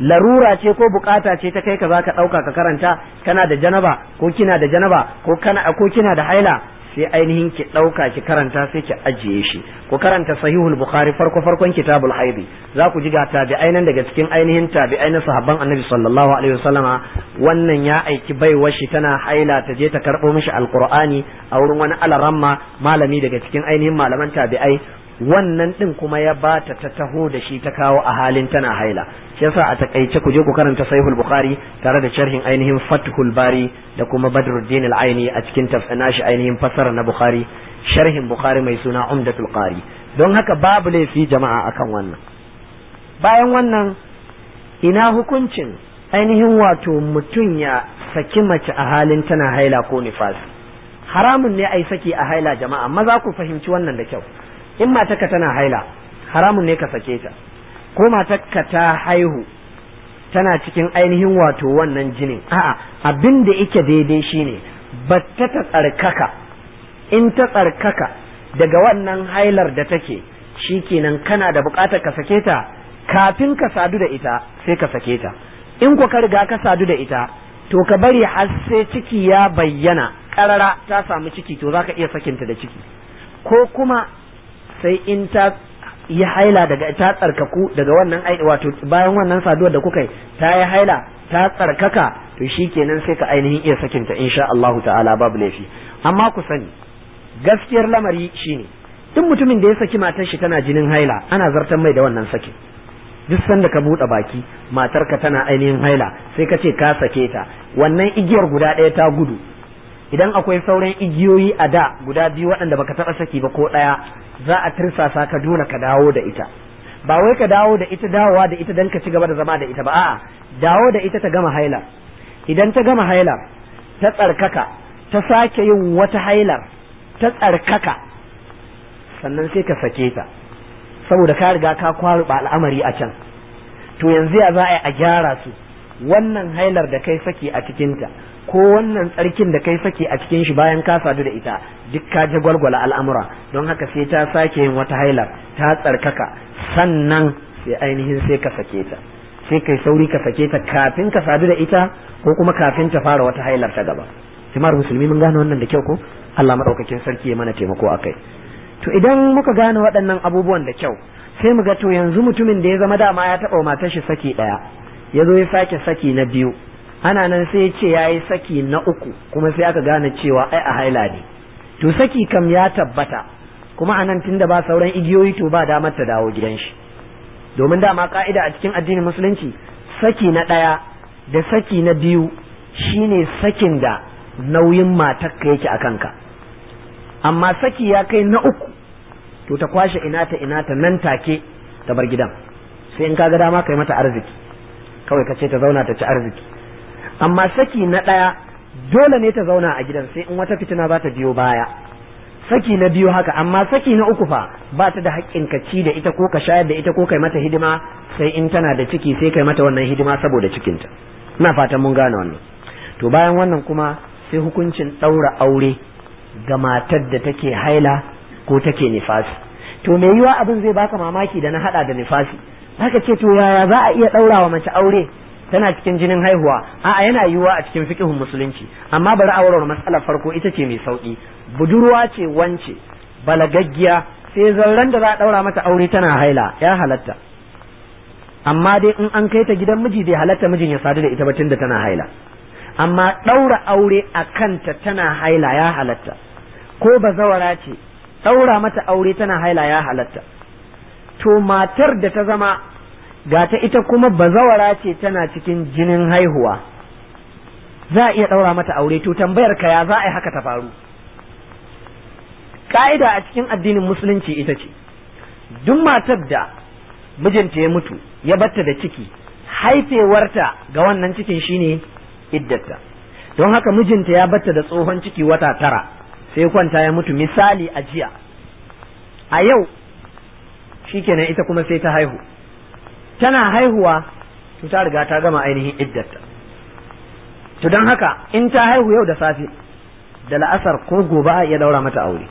larura ce ko bukata ce ta kai ka zaka dauka ka karanta kana da janaba ko kina da janaba ko kana ko kina da haila sai ainihin ki dauka ki karanta sai ki ajiye shi ku karanta sahihul bukhari farko farkon kitabul haidi za ku ji ga tabi'ainan daga cikin ainihin tabi'ai na sahabban annabi sallallahu alaihi wasallama wannan ya aiki bai shi tana haila ta je ta karbo mishi alqur'ani a wurin wani alaramma malami daga cikin ainihin malaman tabi'ai wannan ɗin kuma ya ba ta taho da shi ta kawo a halin tana haila shi yasa a takaice ku je ku karanta sahihul bukhari tare da sharhin ainihin fathul bari da kuma badruddin al-aini a cikin tafsanashi ainihin fasara na bukhari sharhin bukhari mai suna umdatul qari don haka babu laifi jama'a akan wannan bayan wannan ina hukuncin ainihin wato mutum ya saki mace a halin tana haila ko nifas haramun ne a yi saki a haila jama'a maza ku fahimci wannan da kyau in matarka tana haila haramun ne ka sake ta ko matarka ta haihu tana cikin ainihin wato wannan jinin a'a abin da yake daidai shine ba ta tsarkaka in ta tsarkaka daga wannan hailar da take shikenan kana da bukatar ka sake ta kafin ka sadu da ita sai ka sake ta in ko ka riga ka sadu da ita to ka bari har sai ciki ya bayyana karara ta samu ciki to zaka iya sakinta da ciki ko kuma sai in ta yi haila daga ta tsarkaku daga wannan wato bayan wannan saduwar da kuka yi ta yi haila ta tsarkaka to shi kenan sai ka ainihin iya sakinta insha Allahu ta'ala babu laifi amma ku sani gaskiyar lamari shine duk mutumin da ya saki matar shi tana jinin haila ana zartan mai da wannan sakin duk sanda ka buɗe baki matarka tana ainihin haila sai ka ce ka sake ta wannan igiyar guda ɗaya ta gudu idan akwai sauran igiyoyi a da guda biyu waɗanda baka taɓa saki ba ko ɗaya za a tirsasa ka dole ka dawo da ita ba wai ka dawo da ita dawowa da ita dan ka ci gaba da zama da ita ba a'a dawo da ita ta gama haila idan ta gama haila ta tsarkaka ta sake yin wata hailar ta tsarkaka sannan sai ka sake ta saboda ka riga ka kwaruba al'amari a can to yanzu ya za a gyara su wannan hailar da kai saki a cikinta ko wannan tsarkin da kai sake a cikin shi bayan ka sadu da ita duk ka ji gwalgwala al'amura don haka sai ta sake yin wata hailar ta tsarkaka sannan sai ainihin sai ka sake ta sai kai sauri ka sake ta kafin ka sadu da ita ko kuma kafin ta fara wata hailar ta gaba jama'ar musulmi mun gane wannan da kyau ko Allah madaukakin sarki ya mana taimako akai to idan muka gane waɗannan abubuwan da kyau sai mu ga to yanzu mutumin da ya zama dama ya taɓa matar shi saki ɗaya ya zo ya sake saki na biyu ana nan sai ce ya yi saki na uku kuma sai aka gane cewa ai a haila ne to saki kam ya tabbata kuma anan tun da ba sauran igiyoyi to ba damar ta dawo gidan shi domin dama ka'ida a cikin addinin musulunci saki na ɗaya da saki na biyu shine sakin da nauyin matar ka yake a kanka amma saki ya kai na uku to ta kwashe ina ta ina ta nan take ta bar gidan sai in ka ga dama kai mata arziki kawai ka ce ta zauna ta ci arziki amma saki na ɗaya dole ne ta zauna a gidan sai in wata fitina za ta biyo baya saki na biyu haka amma saki na uku fa ba ta da haƙƙin ka ci da ita ko ka shayar da ita ko kai mata hidima sai in tana da ciki sai kai mata wannan hidima saboda cikinta ina fatan mun gane wannan to bayan wannan kuma sai hukuncin ɗaura aure ga matar da take haila ko take nifasi to me yiwa abin zai baka mamaki da na hada da nifasi haka ce to yaya za a iya ɗaura wa mace aure tana cikin jinin haihuwa a'a yana yiwuwa a cikin fiqhun musulunci amma bari aurewar matsalar farko ita ce mai sauki budurwa ce wance balagaggiya sai zarran da za a daura mata aure tana haila ya halatta amma dai in an kai ta gidan miji bai halatta mijin ya sadu da ita ba tunda tana haila amma ɗaura aure a kanta tana haila ya halatta ko bazawara ce daura mata aure tana haila ya halatta to matar da ta zama ga ta ita kuma bazawara ce tana cikin jinin haihuwa za a iya ɗaura mata aure to tambayar ka ya za a yi haka ta faru ka'ida a cikin addinin musulunci ita ce duk matar da mijinta ya mutu ya batta da ciki haifewarta ga wannan cikin shine iddata don haka mijinta ya batta da tsohon ciki wata tara sai kwanta ya mutu misali a jiya a yau shikenan ita kuma sai ta haihu tana haihuwa to ta riga ta gama ainihin iddarta to don haka in ta haihu yau da safe da la'asar ko gobe ya daura mata aure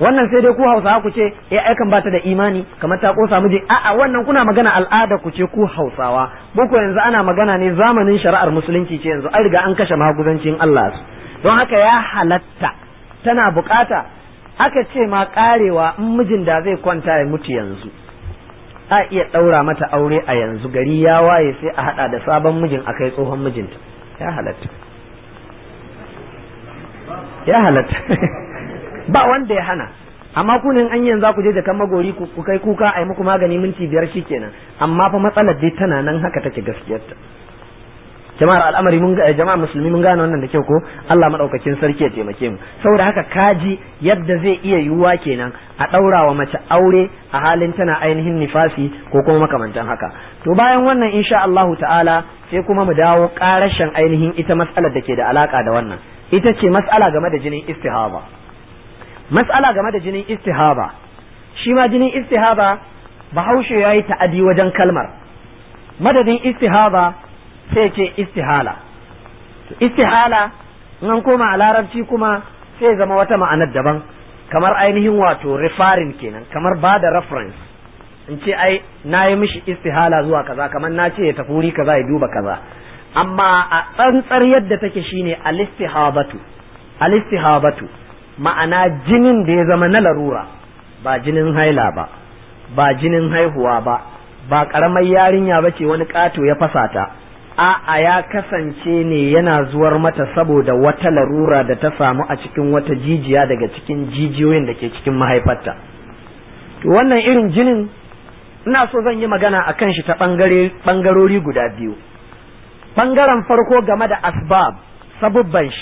wannan sai dai ku hausawa ku ce eh aikan bata da imani kamar ta kosa miji a'a wannan kuna magana al'ada ku ce ku hausawa boko yanzu ana magana ne zamanin shari'ar musulunci ce yanzu an riga an kashe maguzancin Allah su. don haka ya halatta tana bukata aka ce ma karewa in mijin da zai kwanta ya mutu yanzu a iya ɗaura mata aure a yanzu gari ya waye sai a haɗa da sabon mijin a kai tsohon mijinta ya halatta ya halatta ba wanda ya hana amma kunin an yanzu ku je jakan magori ku kai kuka a yi muku magani minti biyar shi kenan amma fa matsalar dai tana nan haka take gaskiyarta jama'ar al'amari mun ga eh, jama'a musulmi mun gane wannan da kyau ko Allah madaukakin sarki ya taimake mu saboda haka kaji yadda zai iya yiwuwa kenan a daura wa mace aure a halin tana ainihin nifasi ko kuma makamantan haka to bayan wannan insha Allah ta'ala sai kuma mu dawo karashin ainihin ita mas'alar da ke da alaka da wannan ita ce mas'ala game da jinin istihaba mas'ala game da jinin istihaba shi ma jinin istihaba bahaushe yayi yi ta'adi wajen kalmar madadin istihaba sai ce istihala istihala nan koma a larabci kuma sai zama wata ma'anar daban kamar ainihin wato refarin kenan kamar ba da reference in ce ai na yi mishi istihala zuwa kaza kamar na ce ya tafi wuri kaza ya duba kaza amma a tsantsar yadda take shine alistihabatu alistihabatu ma'ana jinin da ya zama na larura ba jinin haila ba ba jinin haihuwa ba ba karamar yarinya ba ce wani kato ya fasa ta a'a ya kasance ne yana zuwar mata saboda wata larura da ta samu a cikin wata jijiya daga cikin jijiyoyin da ke cikin mahaifarta to wannan irin jinin ina so zan yi magana a kan shi ta ɓangarori guda biyu ɓangaren farko game da asbab sabubban shi